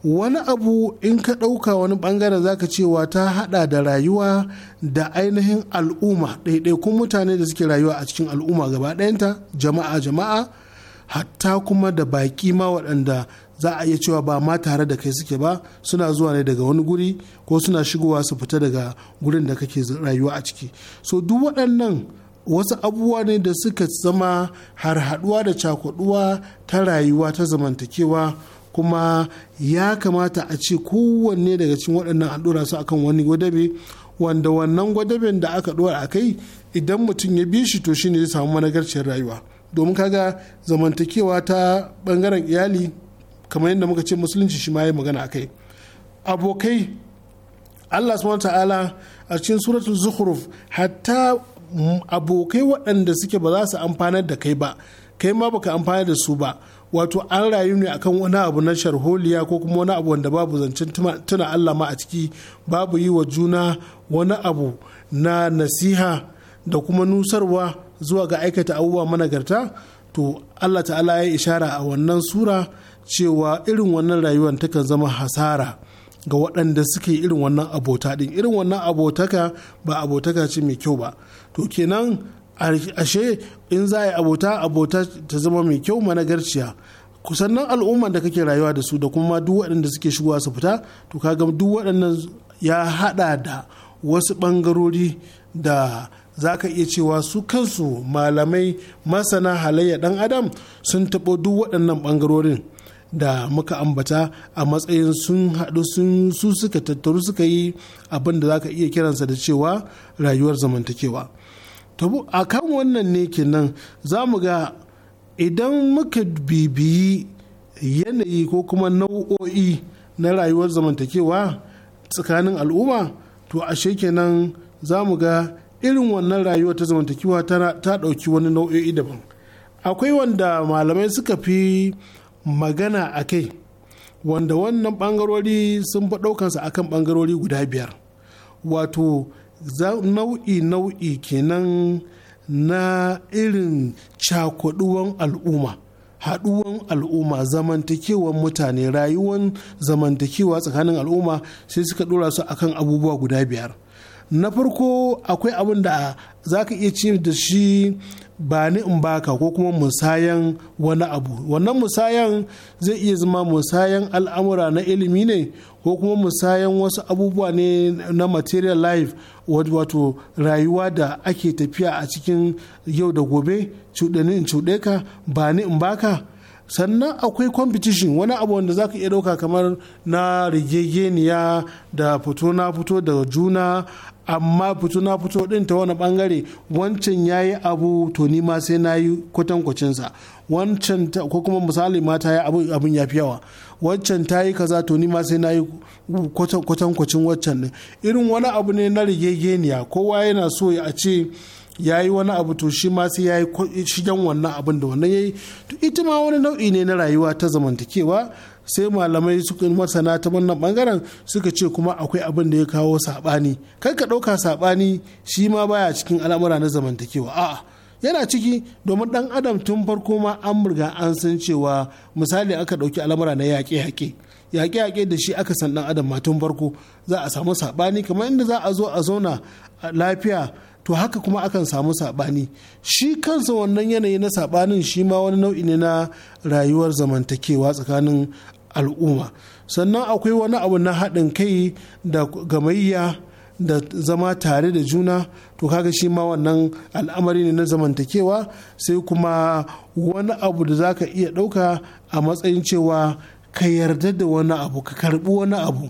wani abu in ka ɗauka wani ɓangare zaka cewa ta haɗa da rayuwa da ainihin al'umma ɗaiɗaikun mutane da suke rayuwa a cikin al'umma gaba ɗayanta jama'a jama'a hatta kuma da baƙi ma waɗanda za a iya cewa ba ma tare da kai suke ba suna zuwa ne daga wani guri ko suna shigowa su fita daga gurin da kake rayuwa a ciki so duk waɗannan wasu abubuwa ne da suka zama har haɗuwa da cakwaɗuwa ta rayuwa ta zamantakewa kuma ya kamata a ce kowanne daga cikin waɗannan an ɗora su akan wani gwadabe wanda wannan gwadaben da aka ɗora a kai idan mutum ya bi shi to shine zai samu managarciyar rayuwa domin kaga zamantakewa ta bangaren iyali kamar yadda muka ce musulunci shi ma ya magana a kai abokai allah subhanahu ta'ala a cikin suratul zukhruf hatta abokai waɗanda suke ba za su amfanar da kai ba kai ma baka amfana da su ba wato an rayu ne akan wani abu na sharholiya ko kuma wani abu wanda babu zancen tuna Allah ma a ciki babu yi wa juna wani abu na nasiha da kuma nusarwa zuwa ga aikata abubuwa managarta to Allah ta'ala ya ishara a wannan sura cewa irin wannan rayuwar takan zama hasara ga waɗanda suke irin wannan abota ɗin irin wannan abotaka ba abotaka ce mai kyau ba to kenan ashe in za a yi abota abota ta zama mai kyau managarciya kusan nan al'umman da kake rayuwa da su da kuma duk waɗanda suke shigowa su fita to kaga duk waɗannan ya haɗa da wasu ɓangarori da za ka iya cewa su kansu malamai masana halayya ɗan adam sun taɓo duk waɗannan ɓangarorin da muka ambata a matsayin sun haɗu sun su suka tattaru suka yi abinda da za ka iya kiransa da cewa rayuwar zamantakewa tabu a kan wannan ne kenan za mu ga idan muka bibiyi yanayi ko kuma nau'o'i na rayuwar zamantakewa tsakanin al'umma to ashe kenan za mu ga irin wannan rayuwa ta zamantakewa ta ɗauki wani nau'o'i daban akwai wanda malamai suka fi magana a kai wanda wannan ɓangarori sun fi ɗaukansa akan ɓangarori guda biyar wato nau'i-nau'i kenan na irin cakuduwan al'umma haduwan al'umma zamantakewan mutane rayuwan zamantakewa tsakanin al'umma sai suka dora su akan abubuwa guda biyar na farko akwai abin da za ka iya ce da shi ba ni in baka ko kuma musayan wani abu wannan musayan zai iya zama musayan al'amura na ilimi ne ko kuma musayan wasu abubuwa ne na material life wato rayuwa da ake tafiya a cikin yau da gobe cuɗe ni in cuɗe ka ba ni in baka sannan akwai competition wani abu wanda za ka iya ɗauka kamar na rigegeniya da fito na fito da juna amma fito na fito ɗin ta wani ɓangare wancan ya yi abu to ni ma sai na yi kwatankwacinsa wancan ko kuma misali ma ta abu abin ya fi yawa wancan ta yi kaza to ni ma sai na yi kwatankwacin wancan ɗin irin wani abu ne na rigegeniya kowa yana so ya ce ya yi wani abu to shi ma sai ya yi shigen wannan abin da wannan ya yi to ita ma wani nau'i ne na rayuwa ta zamantakewa sai malamai suka masana ta wannan bangaren suka ce kuma akwai abin da ya kawo saɓani kai ka ɗauka saɓani shi ma baya cikin al'amura na zamantakewa a'a yana ciki domin ɗan adam tun farko ma an murga an san cewa misali aka ɗauki al'amura na yaƙe-yaƙe yaƙe-yaƙe da shi aka san ɗan adam ma tun farko za a samu saɓani kamar inda za a zo a zauna lafiya to haka kuma akan samu saɓani shi kansa wannan yanayi na saɓanin shi ma wani nau'i ne na rayuwar zamantakewa tsakanin al'umma sannan akwai wani abu na haɗin kai da gamayya da zama tare da juna to kaga shi ma wannan al'amari ne na zamantakewa sai kuma wani abu da za ka iya ɗauka a matsayin cewa ka yarda da wani abu ka karɓi wani abu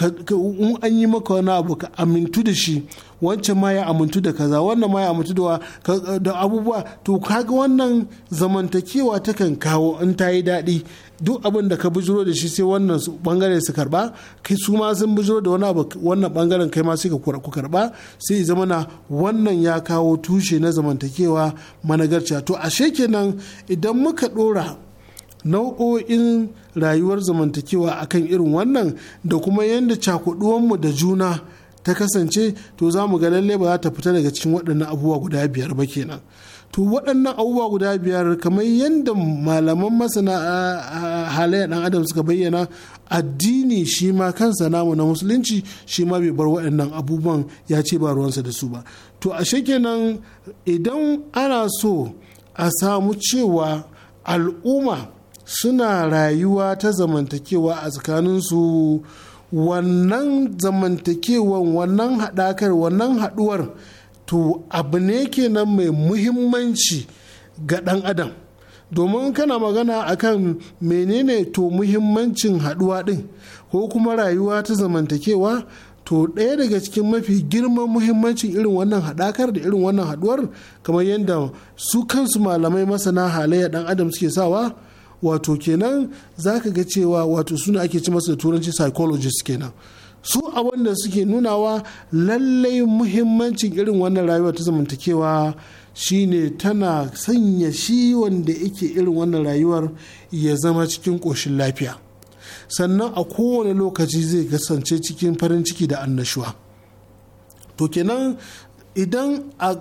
in an yi maka wani abu ka amintu da shi wancan ma ya amintu da kaza wannan ma ya amintu da abubuwa to kaga wannan zamantakewa takan kawo in ta yi daɗi duk abin da ka bujiro da shi sai wannan bangaren su karba kai su ma sun bujiro da wani abu wannan bangaren kai ma sai ka ku karba sai zama na wannan ya kawo tushe na zamantakewa managarciya to ashe kenan idan muka dora nau'o'in rayuwar zamantakewa akan irin wannan da kuma yadda cakuduwanmu da juna ta kasance to za mu ga lalle ba za ta fita daga cikin waɗannan abubuwa guda biyar ba kenan to waɗannan abubuwa guda biyar kamar yadda malaman masana halayya ɗan adam suka bayyana addini shi ma kansa namu na musulunci shi ma bai bar waɗannan abubuwan ya ce ba ruwansa da su ba to a kenan idan ana so a samu cewa al'umma suna rayuwa ta zamantakewa a tsakaninsu wannan zamantakewan wannan haɗakar wannan haɗuwar to abu ne kenan mai muhimmanci ga ɗan adam domin kana magana akan menene to muhimmancin haɗuwa ɗin ko kuma rayuwa ta zamantakewa to ɗaya daga cikin mafi girman muhimmancin irin wannan haɗakar da irin wannan haɗuwar kamar yadda su kansu malamai masana halayya ɗan adam suke sawa wato kenan za ka ga cewa wato suna ake ci masa da turanci psychologist kenan su a wanda suke nunawa lallai muhimmancin irin wannan rayuwa ta zamantakewa shine tana sanya shi wanda yake irin wannan rayuwar ya zama cikin ƙoshin lafiya sannan a kowane lokaci zai kasance cikin farin ciki da annashuwa to kenan idan a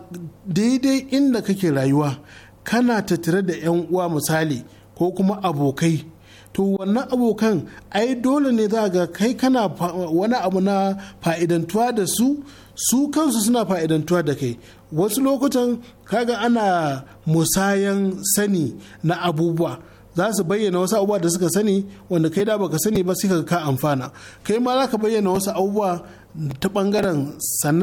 daidai inda kake rayuwa kana tattare da 'yan uwa misali ko kuma abokai to wannan abokan ai dole ne za ga kai kana wani abu na fa'idantuwa da su su kansu suna fa'idantuwa da kai wasu lokutan kaga ana musayan sani na abubuwa za su bayyana wasu abubuwa da suka sani wanda kai da baka sani ba suka ka amfana kai ma za ka bayyana wasu abubuwa ta bangaren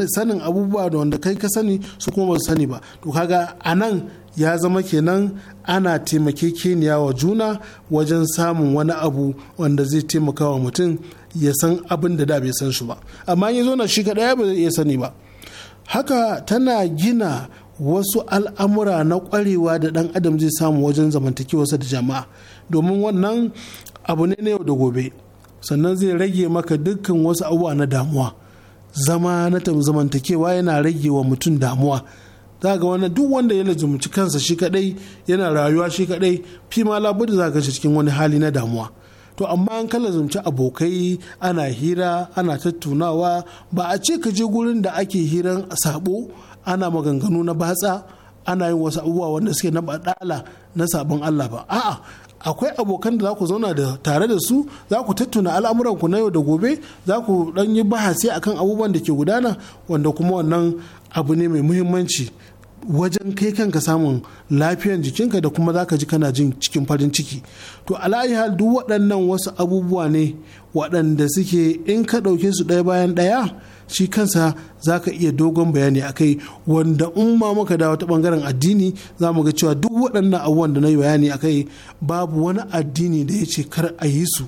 sanin abubuwa da wanda kai ka sani su kuma ba su sani ba to kaga a nan ya zama kenan ana taimakekeniya wa juna wajen samun wani abu wanda zai taimaka wa mutum ya san abin da da bai san shi ba amma ya zo na shi kaɗaya ba zai iya sani ba haka tana gina wasu al'amura na kwarewa da ɗan adam zai samu wajen zamantakewarsa da jama'a domin wannan abu ne na yau da gobe sannan zai rage maka dukkan wasu abubuwa na damuwa zama na zamantakewa yana rage wa mutum damuwa za ga wani duk wanda ya lazumci kansa shi kadai yana rayuwa shi kadai fi ma labuda za ka shi cikin wani hali na damuwa to amma an kala zumci abokai ana hira ana tattunawa ba a ce ka je gurin da ake hiran sabo ana maganganu na batsa ana yin wasu abubuwa wanda suke na badala na sabon Allah ba a'a akwai abokan da za ku zauna da tare da su za ku tattuna al'amuran ku na yau da gobe za ku ɗan yi bahasi akan abubuwan da ke gudana wanda kuma wannan abu ne mai muhimmanci wajen kai kanka samun lafiyan jikinka da kuma zaka ji kana jin cikin farin ciki to alayi hal duk waɗannan wasu abubuwa ne waɗanda suke in ka ɗauke su ɗaya bayan ɗaya shi kansa za ka iya dogon bayani a kai wanda in ma muka dawo ta ɓangaren addini za mu ga cewa duk waɗannan abubuwan da na yi bayani a kai babu wani addini da ya ce kar a yi su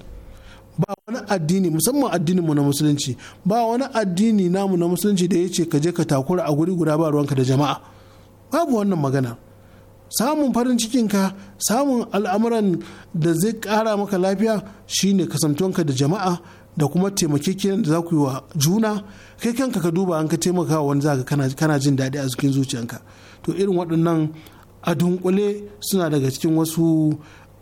ba wani addini musamman addininmu na musulunci ba wani addini namu na musulunci da ya ce ka je ka takura a guri guda ba ruwanka da jama'a babu wannan magana samun farin cikinka samun al'amuran da zai kara maka lafiya shine kasantuwanka da jama'a da kuma taimakekin da za ku yi wa juna kai kanka ka duba an ka taimaka wani zaka kana jin daɗi a cikin zuciyanka to irin waɗannan a dunkule suna daga cikin wasu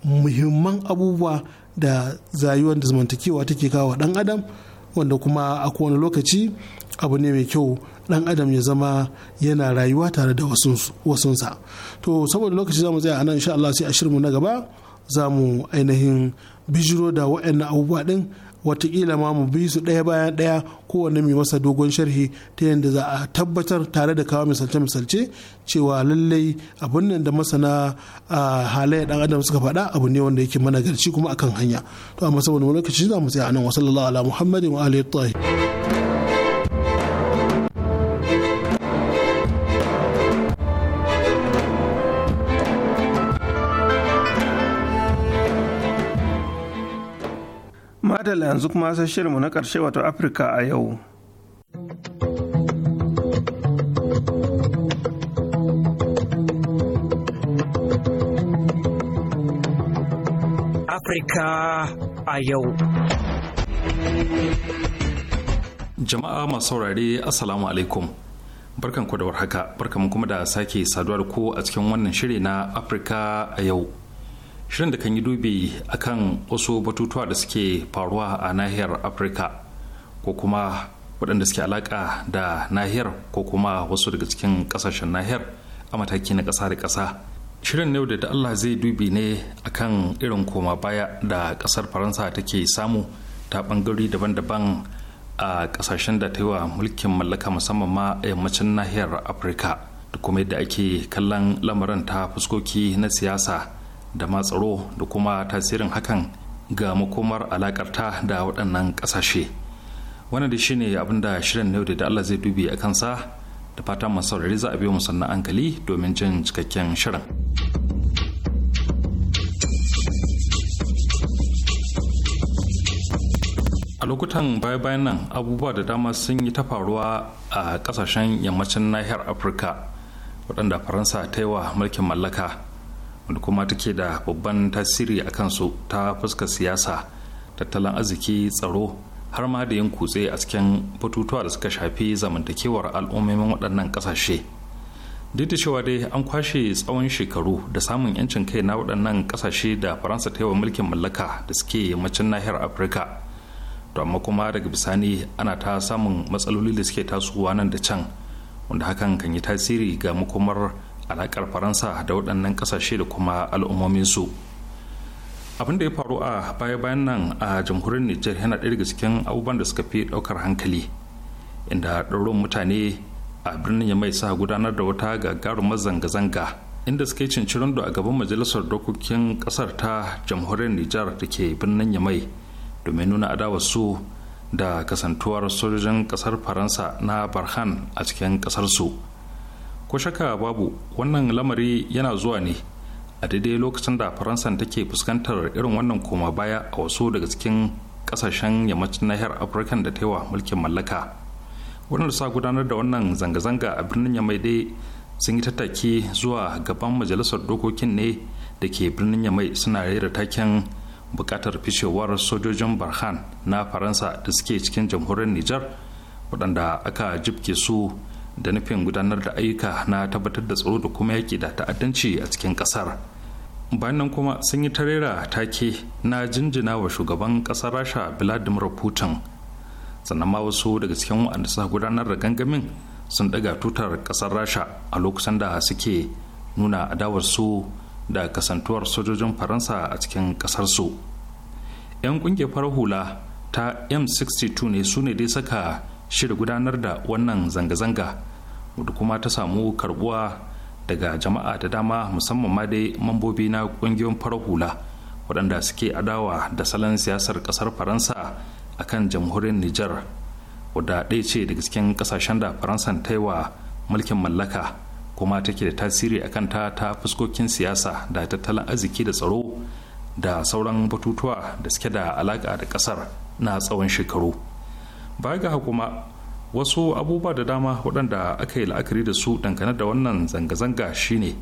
muhimman abubuwa da zayuwar da zamantakewa take kawo ɗan adam wanda kuma a kowane lokaci abu ne mai kyau dan adam ya zama yana rayuwa tare da wasunsa to saboda lokaci za mu tsaya anan insha Allah sai a shirmu na gaba za mu ainihin bijiro da waɗannan abubuwa ɗin watakila ma mu bi su ɗaya bayan ɗaya kowanne mai masa dogon sharhi ta yadda za a tabbatar tare da kawo misalce-misalce cewa lallai abun nan da masana halayya ɗan adam suka faɗa abu ne wanda yake mana garci kuma akan hanya to amma saboda lokaci za mu tsaya nan wa ala muhammadin wa alihi yanzu kuma sai shirinmu na ƙarshe wato afirka a yau afirka a yau jama'a masu saurare assalamu alaikum barkanku da warhaka barkanku kuma da sake saduwar da ku a cikin wannan shiri na afirka a yau shirin da kan yi dubi akan wasu batutuwa da suke faruwa a nahiyar afirka ko kuma waɗanda suke alaƙa da nahiyar ko kuma wasu daga cikin ƙasashen nahiyar a mataki na ƙasa da ƙasa shirin ne yau da allah zai dubi ne akan irin koma baya da ƙasar faransa take samu ta ɓangare daban-daban a ƙasashen da ta yi wa mulkin mallaka musamman ma a yammacin nahiyar afirka da kuma yadda ake kallon lamarin ta fuskoki na siyasa da ma tsaro da kuma tasirin hakan ga makomar alakarta da waɗannan ƙasashe wannan da shine abin da shirin na da Allah zai dubi a kansa da fatan masu saurari za a biyo musanna hankali domin jin cikakken shirin. a lokutan baya-bayan nan abubuwa da dama sun yi ta faruwa a kasashen yammacin nahiyar afirka waɗanda faransa ta yi wa mulkin mallaka wanda kuma take da babban tasiri a kansu ta fuskar siyasa tattalin arziki tsaro har ma da yin kutse a cikin batutuwa da suka shafi zamantakewar al'ummomin waɗannan ƙasashe duk da cewa dai an kwashe tsawon shekaru da samun yancin kai na waɗannan ƙasashe da faransa ta yawan mulkin mallaka da suke yammacin nahiyar afirka to amma kuma daga bisani ana ta samun matsaloli da suke tasowa nan da can wanda hakan kan yi tasiri ga makomar alakar faransa da waɗannan ƙasashe da kuma su. abin da ya faru a baya bayan nan a jamhuriyar niger yana ɗaya daga cikin abubuwan da suka fi ɗaukar hankali inda ɗaurin mutane a birnin ya mai sa gudanar da wata gagarumar zanga-zanga inda suka yi cincirin a gaban majalisar dokokin ƙasar ta jamhuriyar niger da ke birnin ya mai domin nuna adawa su da kasantuwar sojojin ƙasar faransa na barhan a cikin ƙasar su ko shaka babu wannan lamari yana zuwa ne a daidai lokacin da faransa take fuskantar irin wannan koma baya a wasu daga cikin kasashen yammacin nahiyar afirka da taiwa mulkin mallaka wannan sa gudanar da wannan zanga-zanga a birnin yamai dai sun yi tattaki zuwa gaban majalisar dokokin ne da ke birnin yamai suna rera taken bukatar ficewar sojojin barhan na faransa da suke cikin jamhuriyar nijar waɗanda aka jibke su da nufin gudanar da ayyuka na tabbatar da tsaro da kuma yaƙi da ta'addanci a cikin ƙasar bayan nan kuma sun yi tarera take na jinjina wa shugaban ƙasar rasha vladimir putin sannan ma wasu daga cikin waɗanda suka gudanar da gangamin sun daga tutar ƙasar rasha a lokacin da suke nuna adawarsu da kasantuwar sojojin faransa a cikin ƙasarsu 'yan ƙungiyar farar hula ta m62 ne su ne dai saka shirin gudanar da wannan zanga-zanga wadda kuma ta samu karbuwa daga jama'a da dama musamman ma dai mambobi na kungiyoyin farar hula waɗanda suke adawa da salon siyasar ƙasar faransa a kan jamhuriyar nijar wadda ɗaya ce daga cikin ƙasashen da faransan ta yi wa mulkin mallaka kuma take da tasiri a kanta ta fuskokin siyasa da tattalin arziki da tsaro da sauran batutuwa da suke da alaƙa da ƙasar na tsawon shekaru baya ga hukuma wasu abubuwa da dama waɗanda aka yi la'akari da su dangane da wannan zanga-zanga shine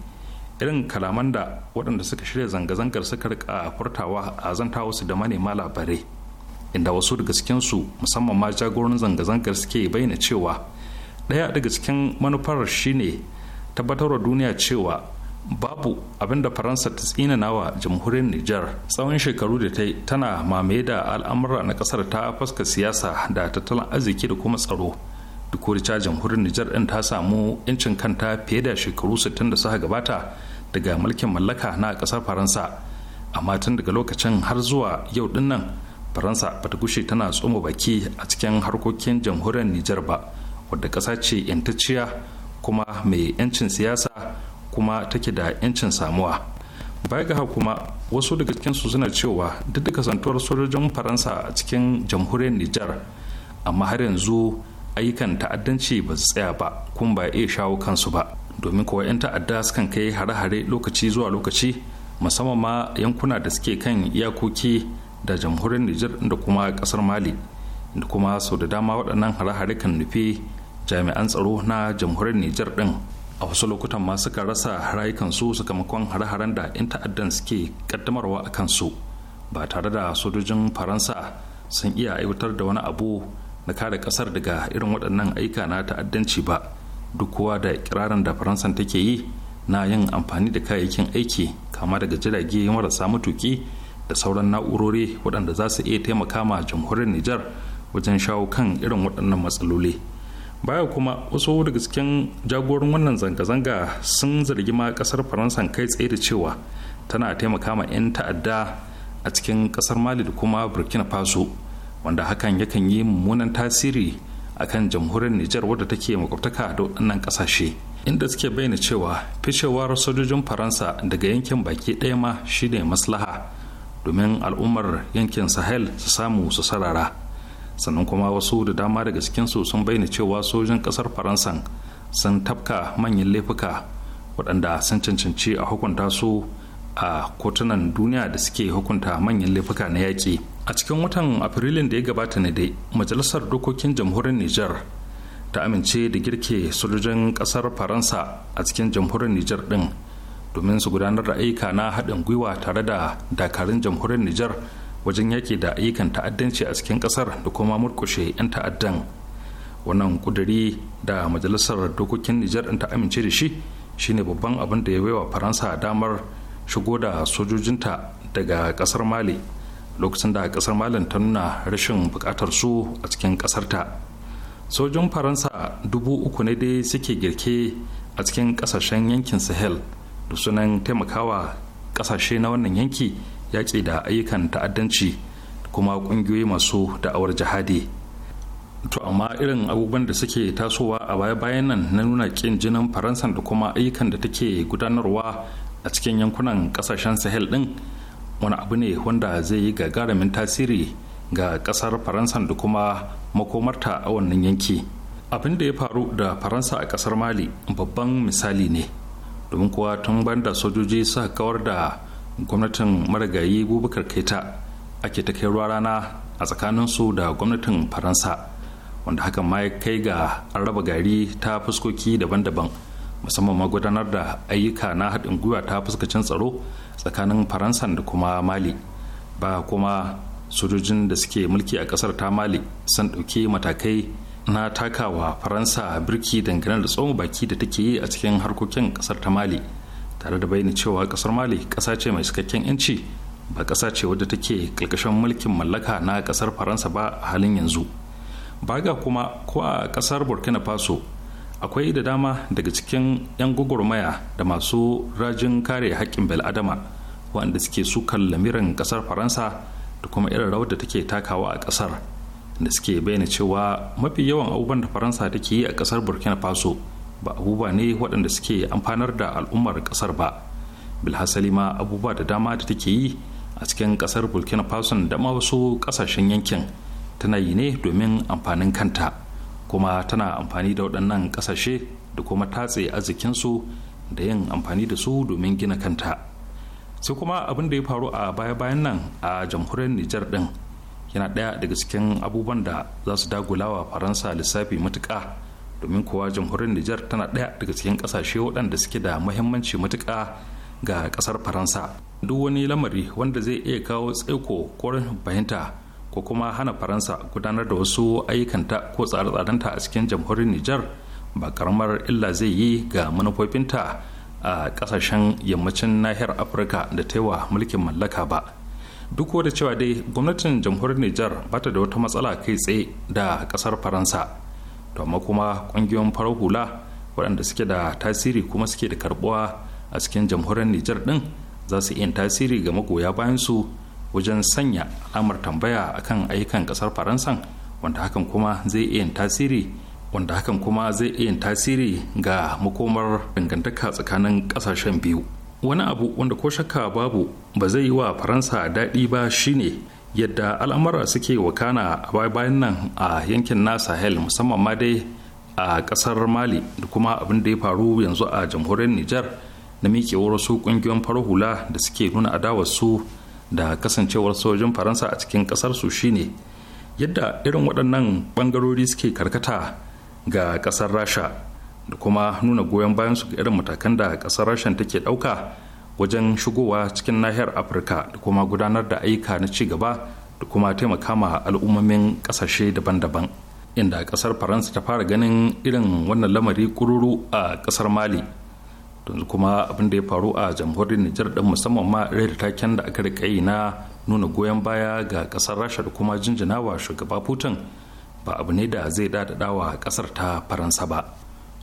irin kalaman da waɗanda suka shirya zanga-zangar suka rika furtawa a zanta wasu da manema labarai inda wasu daga cikinsu musamman ma jagoran zanga-zangar suke bayyana cewa ɗaya daga cikin manufar shine tabbatarwa duniya cewa babu abinda faransa ta tsina wa jamhuriyar nijar tsawon shekaru da ta yi tana mamaye da al'amura na kasar ta fuska siyasa da tattalin arziki da kuma tsaro duk ta jamhuriyar nijar din ta samu 'yancin kanta fiye da shekaru 60 da suka gabata daga mulkin mallaka na kasar faransa amma tun daga lokacin har zuwa yau din nan faransa bata gushe tana tsoma baki a cikin harkokin jamhuriyar nijar ba wadda ƙasa ce 'yantacciya kuma mai 'yancin siyasa kuma take da 'yancin samuwa baya ga kuma wasu daga cikinsu suna cewa duk da kasantuwar sojojin faransa a cikin jamhuriyar nijar amma har yanzu ayyukan ta'addanci ba su tsaya ba kuma ba iya shawo kansu ba domin kuwa 'yan ta'adda sukan kai hare-hare lokaci zuwa lokaci musamman ma yankuna da suke kan iyakoki da jamhuriyar nijar da kuma kasar mali da kuma sau da dama waɗannan hare-hare kan nufi jami'an tsaro na jamhuriyar nijar din a wasu lokutan ma suka rasa rayukansu sakamakon hare-haren da 'yan ta'addan suke kaddamarwa a kansu ba tare da sojojin faransa sun iya aiwatar da wani abu na kare kasar daga irin waɗannan aika na ta'addanci ba duk kowa da kirarin da faransan take yi na yin amfani da kayayyakin aiki kama daga jirage marasa matuki da sauran na'urori waɗanda za su iya taimaka ma jamhuriyar nijar wajen shawo kan irin waɗannan matsaloli. baya kuma wasu daga cikin jagorin wannan zanga-zanga sun zargi ma kasar faransa kai tsaye da cewa tana taimaka ma 'yan ta'adda a cikin kasar mali da kuma burkina faso wanda hakan yakan yi mummunan tasiri a kan jamhuriyar nijar wadda take makwabtaka da waɗannan ƙasashe inda suke bayyana cewa fishewar sojojin faransa daga yankin baki ɗaya ma shine maslaha domin al'ummar yankin sahel su samu su sarara sannan kuma wasu da dama daga cikinsu sun bayyana cewa sojin kasar faransa sun tafka manyan laifuka waɗanda sun cancanci a hukunta su a kotunan duniya da suke hukunta manyan laifuka na yaƙi a cikin watan afrilun da ya gabata ne dai majalisar dokokin jamhuriyar niger ta amince da girke sojojin kasar faransa a cikin jamhuriyar niger ɗin domin su gudanar da ayyuka na haɗin gwiwa tare da dakarun jamhuriyar niger wajen yaƙi da ayyukan ta'addanci a cikin ƙasar da kuma murkushe 'yan ta'addan wannan kuduri da majalisar dokokin nijar ta amince da shi shine babban abin da ya bai wa faransa damar shigo da sojojinta daga kasar mali lokacin da ƙasar malin ta nuna rashin bukatar su a cikin ƙasarta sojin faransa dubu uku ne dai suke girke a cikin ƙasashen yankin sahel da sunan taimakawa ƙasashe na wannan yanki yaƙi da ayyukan ta'addanci kuma ƙungiyoyi masu da'awar jihadi to amma irin abubuwan da suke tasowa a baya-bayan nan na nuna ƙin jinin faransa da kuma ayyukan da take gudanarwa a cikin yankunan ƙasashen sahel ɗin wani abu ne wanda zai yi gagarumin tasiri ga ƙasar faransa da kuma makomarta a wannan yanki abin da ya faru da faransa a ƙasar mali babban misali ne domin kuwa tun banda sojoji suka kawar da gwamnatin marigayi bubakar keta ake ta kai ruwa rana a tsakanin su da gwamnatin faransa wanda hakan ma ya kai ga an raba gari ta fuskoki daban-daban musamman ma gudanar da ayyuka na haɗin gwiwa ta fuskacin tsaro tsakanin faransa da kuma mali ba kuma sojojin da suke mulki a ƙasar ta mali sun ɗauki matakai na takawa faransa birki dangane da tsohon baki da take yi a cikin harkokin ƙasar ta mali tare da bayyana cewa kasar mali kasa ce mai cikakken yanci ba kasa ce wadda take karkashin mulkin mallaka na kasar faransa ba a halin yanzu baga kuma ko a kasar burkina faso akwai da dama daga cikin 'yan gwagwarmaya da masu rajin kare haƙƙin bel'adama waɗanda suke sukan lamirin kasar faransa da kuma irin rawar da take takawa a kasar da suke bayyana cewa mafi yawan abubuwan da faransa take yi a kasar burkina faso ba abubuwa ne waɗanda suke amfanar da al'ummar ƙasar ba bilhassali ma abubuwa da dama da take yi a cikin ƙasar burkina faso da ma wasu ƙasashen yankin tana yi ne domin amfanin kanta kuma tana amfani da waɗannan ƙasashe da kuma tatse arzikinsu da yin amfani da su domin gina kanta sai kuma abin da ya faru a baya-bayan nan a jamhuriyar nijar ɗin yana ɗaya daga cikin abubuwan da za su dagulawa faransa lissafi matuƙa domin kowa jamhuriyar nijar tana ɗaya daga cikin kasashe waɗanda suke da muhimmanci matuƙa ga ƙasar faransa duk wani lamari wanda zai iya kawo tsaiko ko rashin fahimta ko kuma hana faransa gudanar da wasu ayyukanta ko tsare-tsarenta a cikin jamhuriyar nijar ba karamar illa zai yi ga manufofinta a ƙasashen yammacin nahiyar afirka da ta wa mulkin mallaka ba duk da cewa dai gwamnatin jamhuriyar nijar bata da wata matsala kai tsaye da ƙasar faransa to amma kuma ƙungiyoyin farar hula waɗanda suke da tasiri kuma suke da karɓuwa a cikin jamhuriyar nijar ɗin za su iya tasiri ga magoya bayan su wajen sanya alamar tambaya akan ayyukan ƙasar faransa wanda hakan kuma zai iya tasiri wanda hakan kuma zai iya tasiri ga makomar dangantaka tsakanin ƙasashen biyu wani abu wanda ko shakka babu ba zai yi wa faransa daɗi ba shine yadda al'amura suke wakana a bayan nan a yankin na sahel musamman ma dai a kasar mali da kuma abin da ya faru yanzu a jamhuriyar niger na mikewar su ƙungiyoyin farar hula da suke nuna su da kasancewar sojin faransa a cikin kasar su shine yadda irin waɗannan bangarori suke karkata ga kasar rasha da kuma nuna goyon bayan su ga irin matakan da kasar rashan take ɗauka wajen shigowa cikin nahiyar afirka da kuma gudanar da ayyuka na ci gaba da kuma taimaka ma al'ummomin ƙasashe daban-daban inda ƙasar faransa ta fara ganin irin wannan lamari kururu a ƙasar mali yanzu kuma abin da ya faru a jamhuriyar nijar din musamman ma da taken da aka rika yi na nuna goyon baya ga ƙasar rasha da kuma jinjinawa shugaba putin ba abu ne da zai daɗaɗa wa kasar ta faransa ba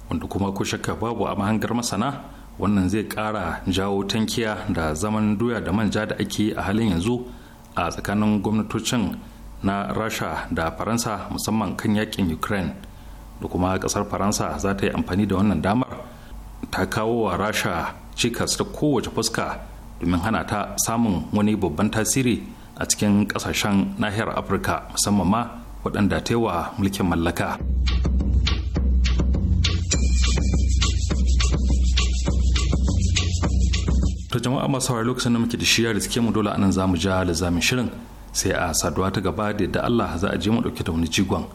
wanda kuma ko shakka babu a mahangar masana wannan zai kara jawo tankiya da zaman doya da manja da ake a halin yanzu a tsakanin gwamnatocin na rasha da faransa musamman kan yakin ukraine da kuma kasar faransa za ta yi amfani da wannan damar ta kawo wa rasha cikas ta kowace fuska domin hana ta samun wani babban tasiri a cikin kasashen nahiyar afirka musamman ma waɗanda ta yi wa mulkin mallaka. to jama'a masu hawaye lokacin da muke da shi da suke mu dole anan zamu ja lizamin shirin sai a saduwa ta gaba da yadda Allah za a je mu dauke da wani jigon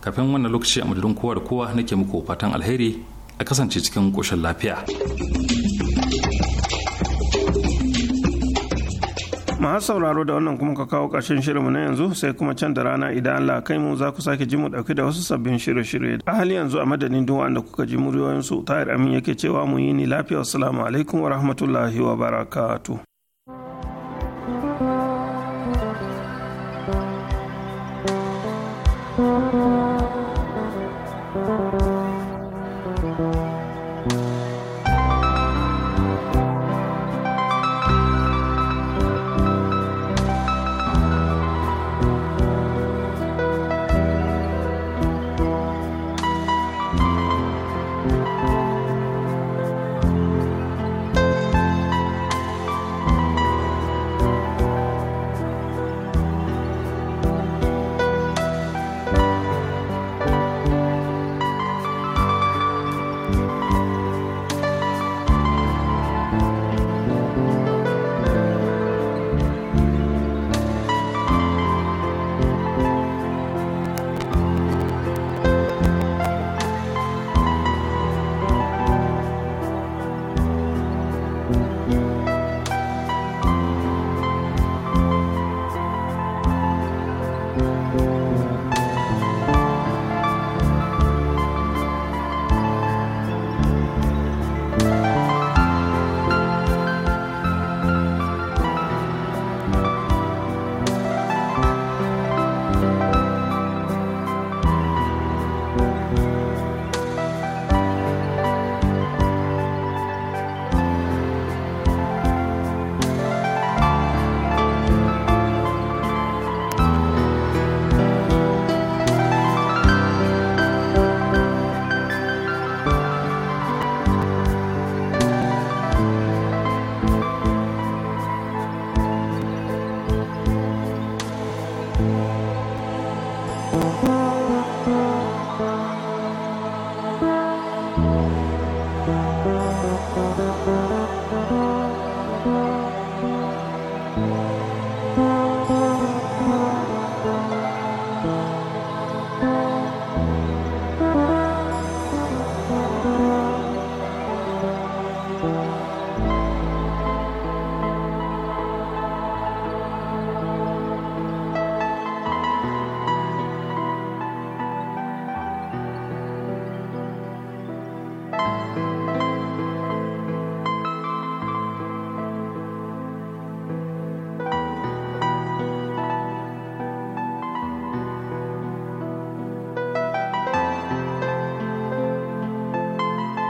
kafin wannan lokaci a madadin kowa da kowa nake muku fatan alheri a kasance cikin koshin lafiya. masu sauraro da wannan kuma ka kawo ƙarshen shirinmu na yanzu sai kuma can da rana idan Allah kai mu za ku sake ji mu ɗauki da wasu sabbin shirye-shirye a hali yanzu a madadin duk wanda kuka ji muryoyinsu tahir amin yake cewa mu yi ni lafiya wasu alaikum wa rahmatullahi wa barakatuh